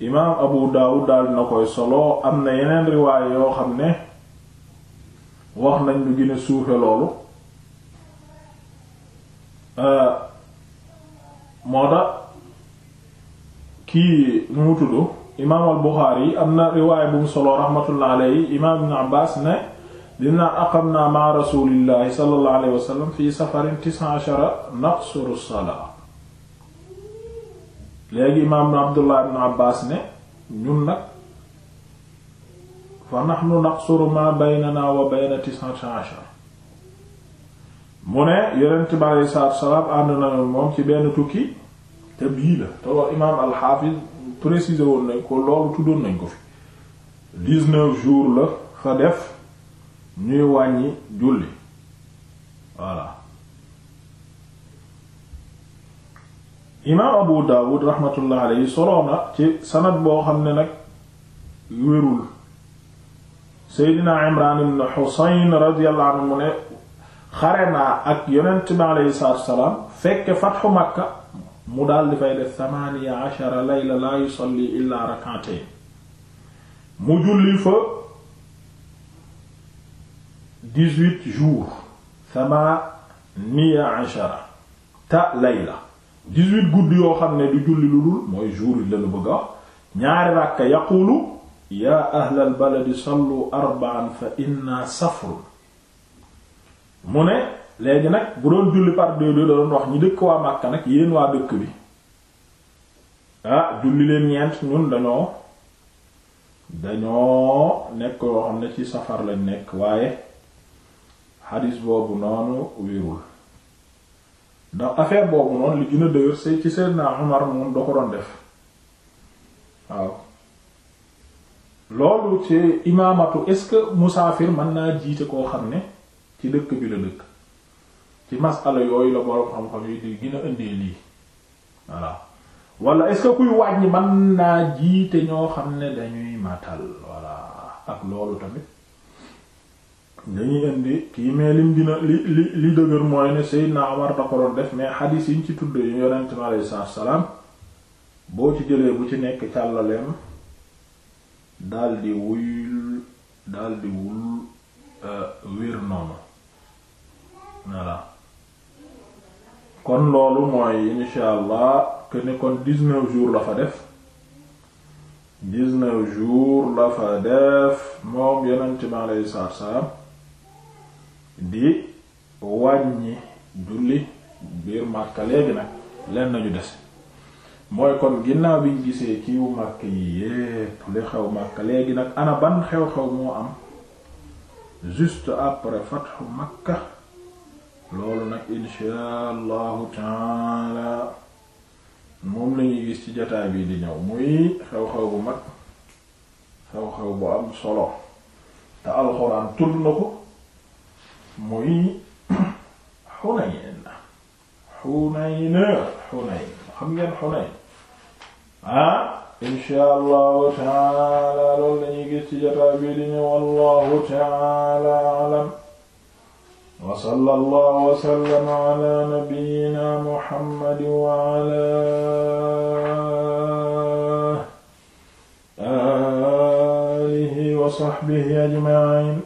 imaam abu daawud daal na koy solo am na yeneen riwaaye yoo xam ne wax nañ lu gën a suufe loolu euh, moo tax kii mu tudd imaam al buxaari am na riwaaye bu mu solo raxmatullah alayhi imaam ibn abbaas ne dina aqamna ma rasulillahi sallallahu alayhi wa sallam fi safarin tis'a ashara naqsuru salaa léegi imaam Abdullah ibn Abbas ne ñun nag fa nahnu naqsuru ma baynana wa bayna tis'ata ashar mu ne yonent bi aleyhi salaatu salaam ànd na moom ci benn tukki te bii la te loolu imaam al-Hafiz précisé woon nañ ko loolu tuddoon nañ ko fi dix-neuf jours la fa def ñuy wàññi julli voilà imaam Abu Dawud rahmatullah alayhi soloo na ci sanad boo xam ne nag wérul Seydina Imran ibn Husayn radiyallahu anhu mu ne xare naa ak yonent bi alayhi salaatu wassalaam fatxu Makka mu daal di fay def thamaniya ashara layla laa yusalli illaa mu julli fa dix-huit jours ta layla dix-huit gudd yoo xam ne du julli lu dul mooy jour yi la la bëgg a wax ñaari ràkka yaqulu yaa ahlal baladi sallu arba'an fa inna safrun mu ne léegi nag bu doon julli par deux deux da doon wax ñi dëkk waa Màkka nag yéen waa dëkk bi ah julli leen ñeent ñun dañoo dañoo nekk yoo xam ne ci safar lañ nekk waaye xadis boobu noonu wérul ndax affaire boobu noonu li gën a dëgër say ci Seydina Umar moom doo ko doon def waaw loolu ci imaamatu est-ce que musaafir mën naa jiite koo xam ne ci dëkk bi la dëkk ci masala yooyu la borom xam-xam yi di gën a lii voilà wala est-ce que kuy wàññi naa jiite ñoo xam ne dañuy matal voilà ak loolu tamit. dañuy indi kii mais lim dina li li li dëgër mooy ne Seydina Omar da ko def mais xadiis yi ñu ci tudd yu yonent mi alayhi salaatu salaam boo ci jëlee bu ci nekk càllaleem daldi wuyul daldi wul euh, wér noonu voilà kon loolu mooy insha allah que ne kon dix-neuf la fa def dix-neuf la fa def moom yonent mi alayhi salaam di wàññi julli biir Makka léegi nag leen nañu des mooy kon ginnaaw biñ gisee kiiwu Makka yi yépp li xew Makka léegi nag ana ban xew-xew moo am juste après fathu Makka loolu nag insha allahu taala moom lañuy gis ci jotaay bi di ñëw muy xew-xew bu mag xew-xew bu am solo te alxuraan tudd na ko muy Xunayn Xunayn Xunayn xam ngeen Xunayn ah insha allahu taala loolu lañuy gis ci jotaay bi di ñëw wallahu taala alam wa sallallahu wa sallama ala nabiyyina muhammad wa ala alihi wa sahbihi ajma'in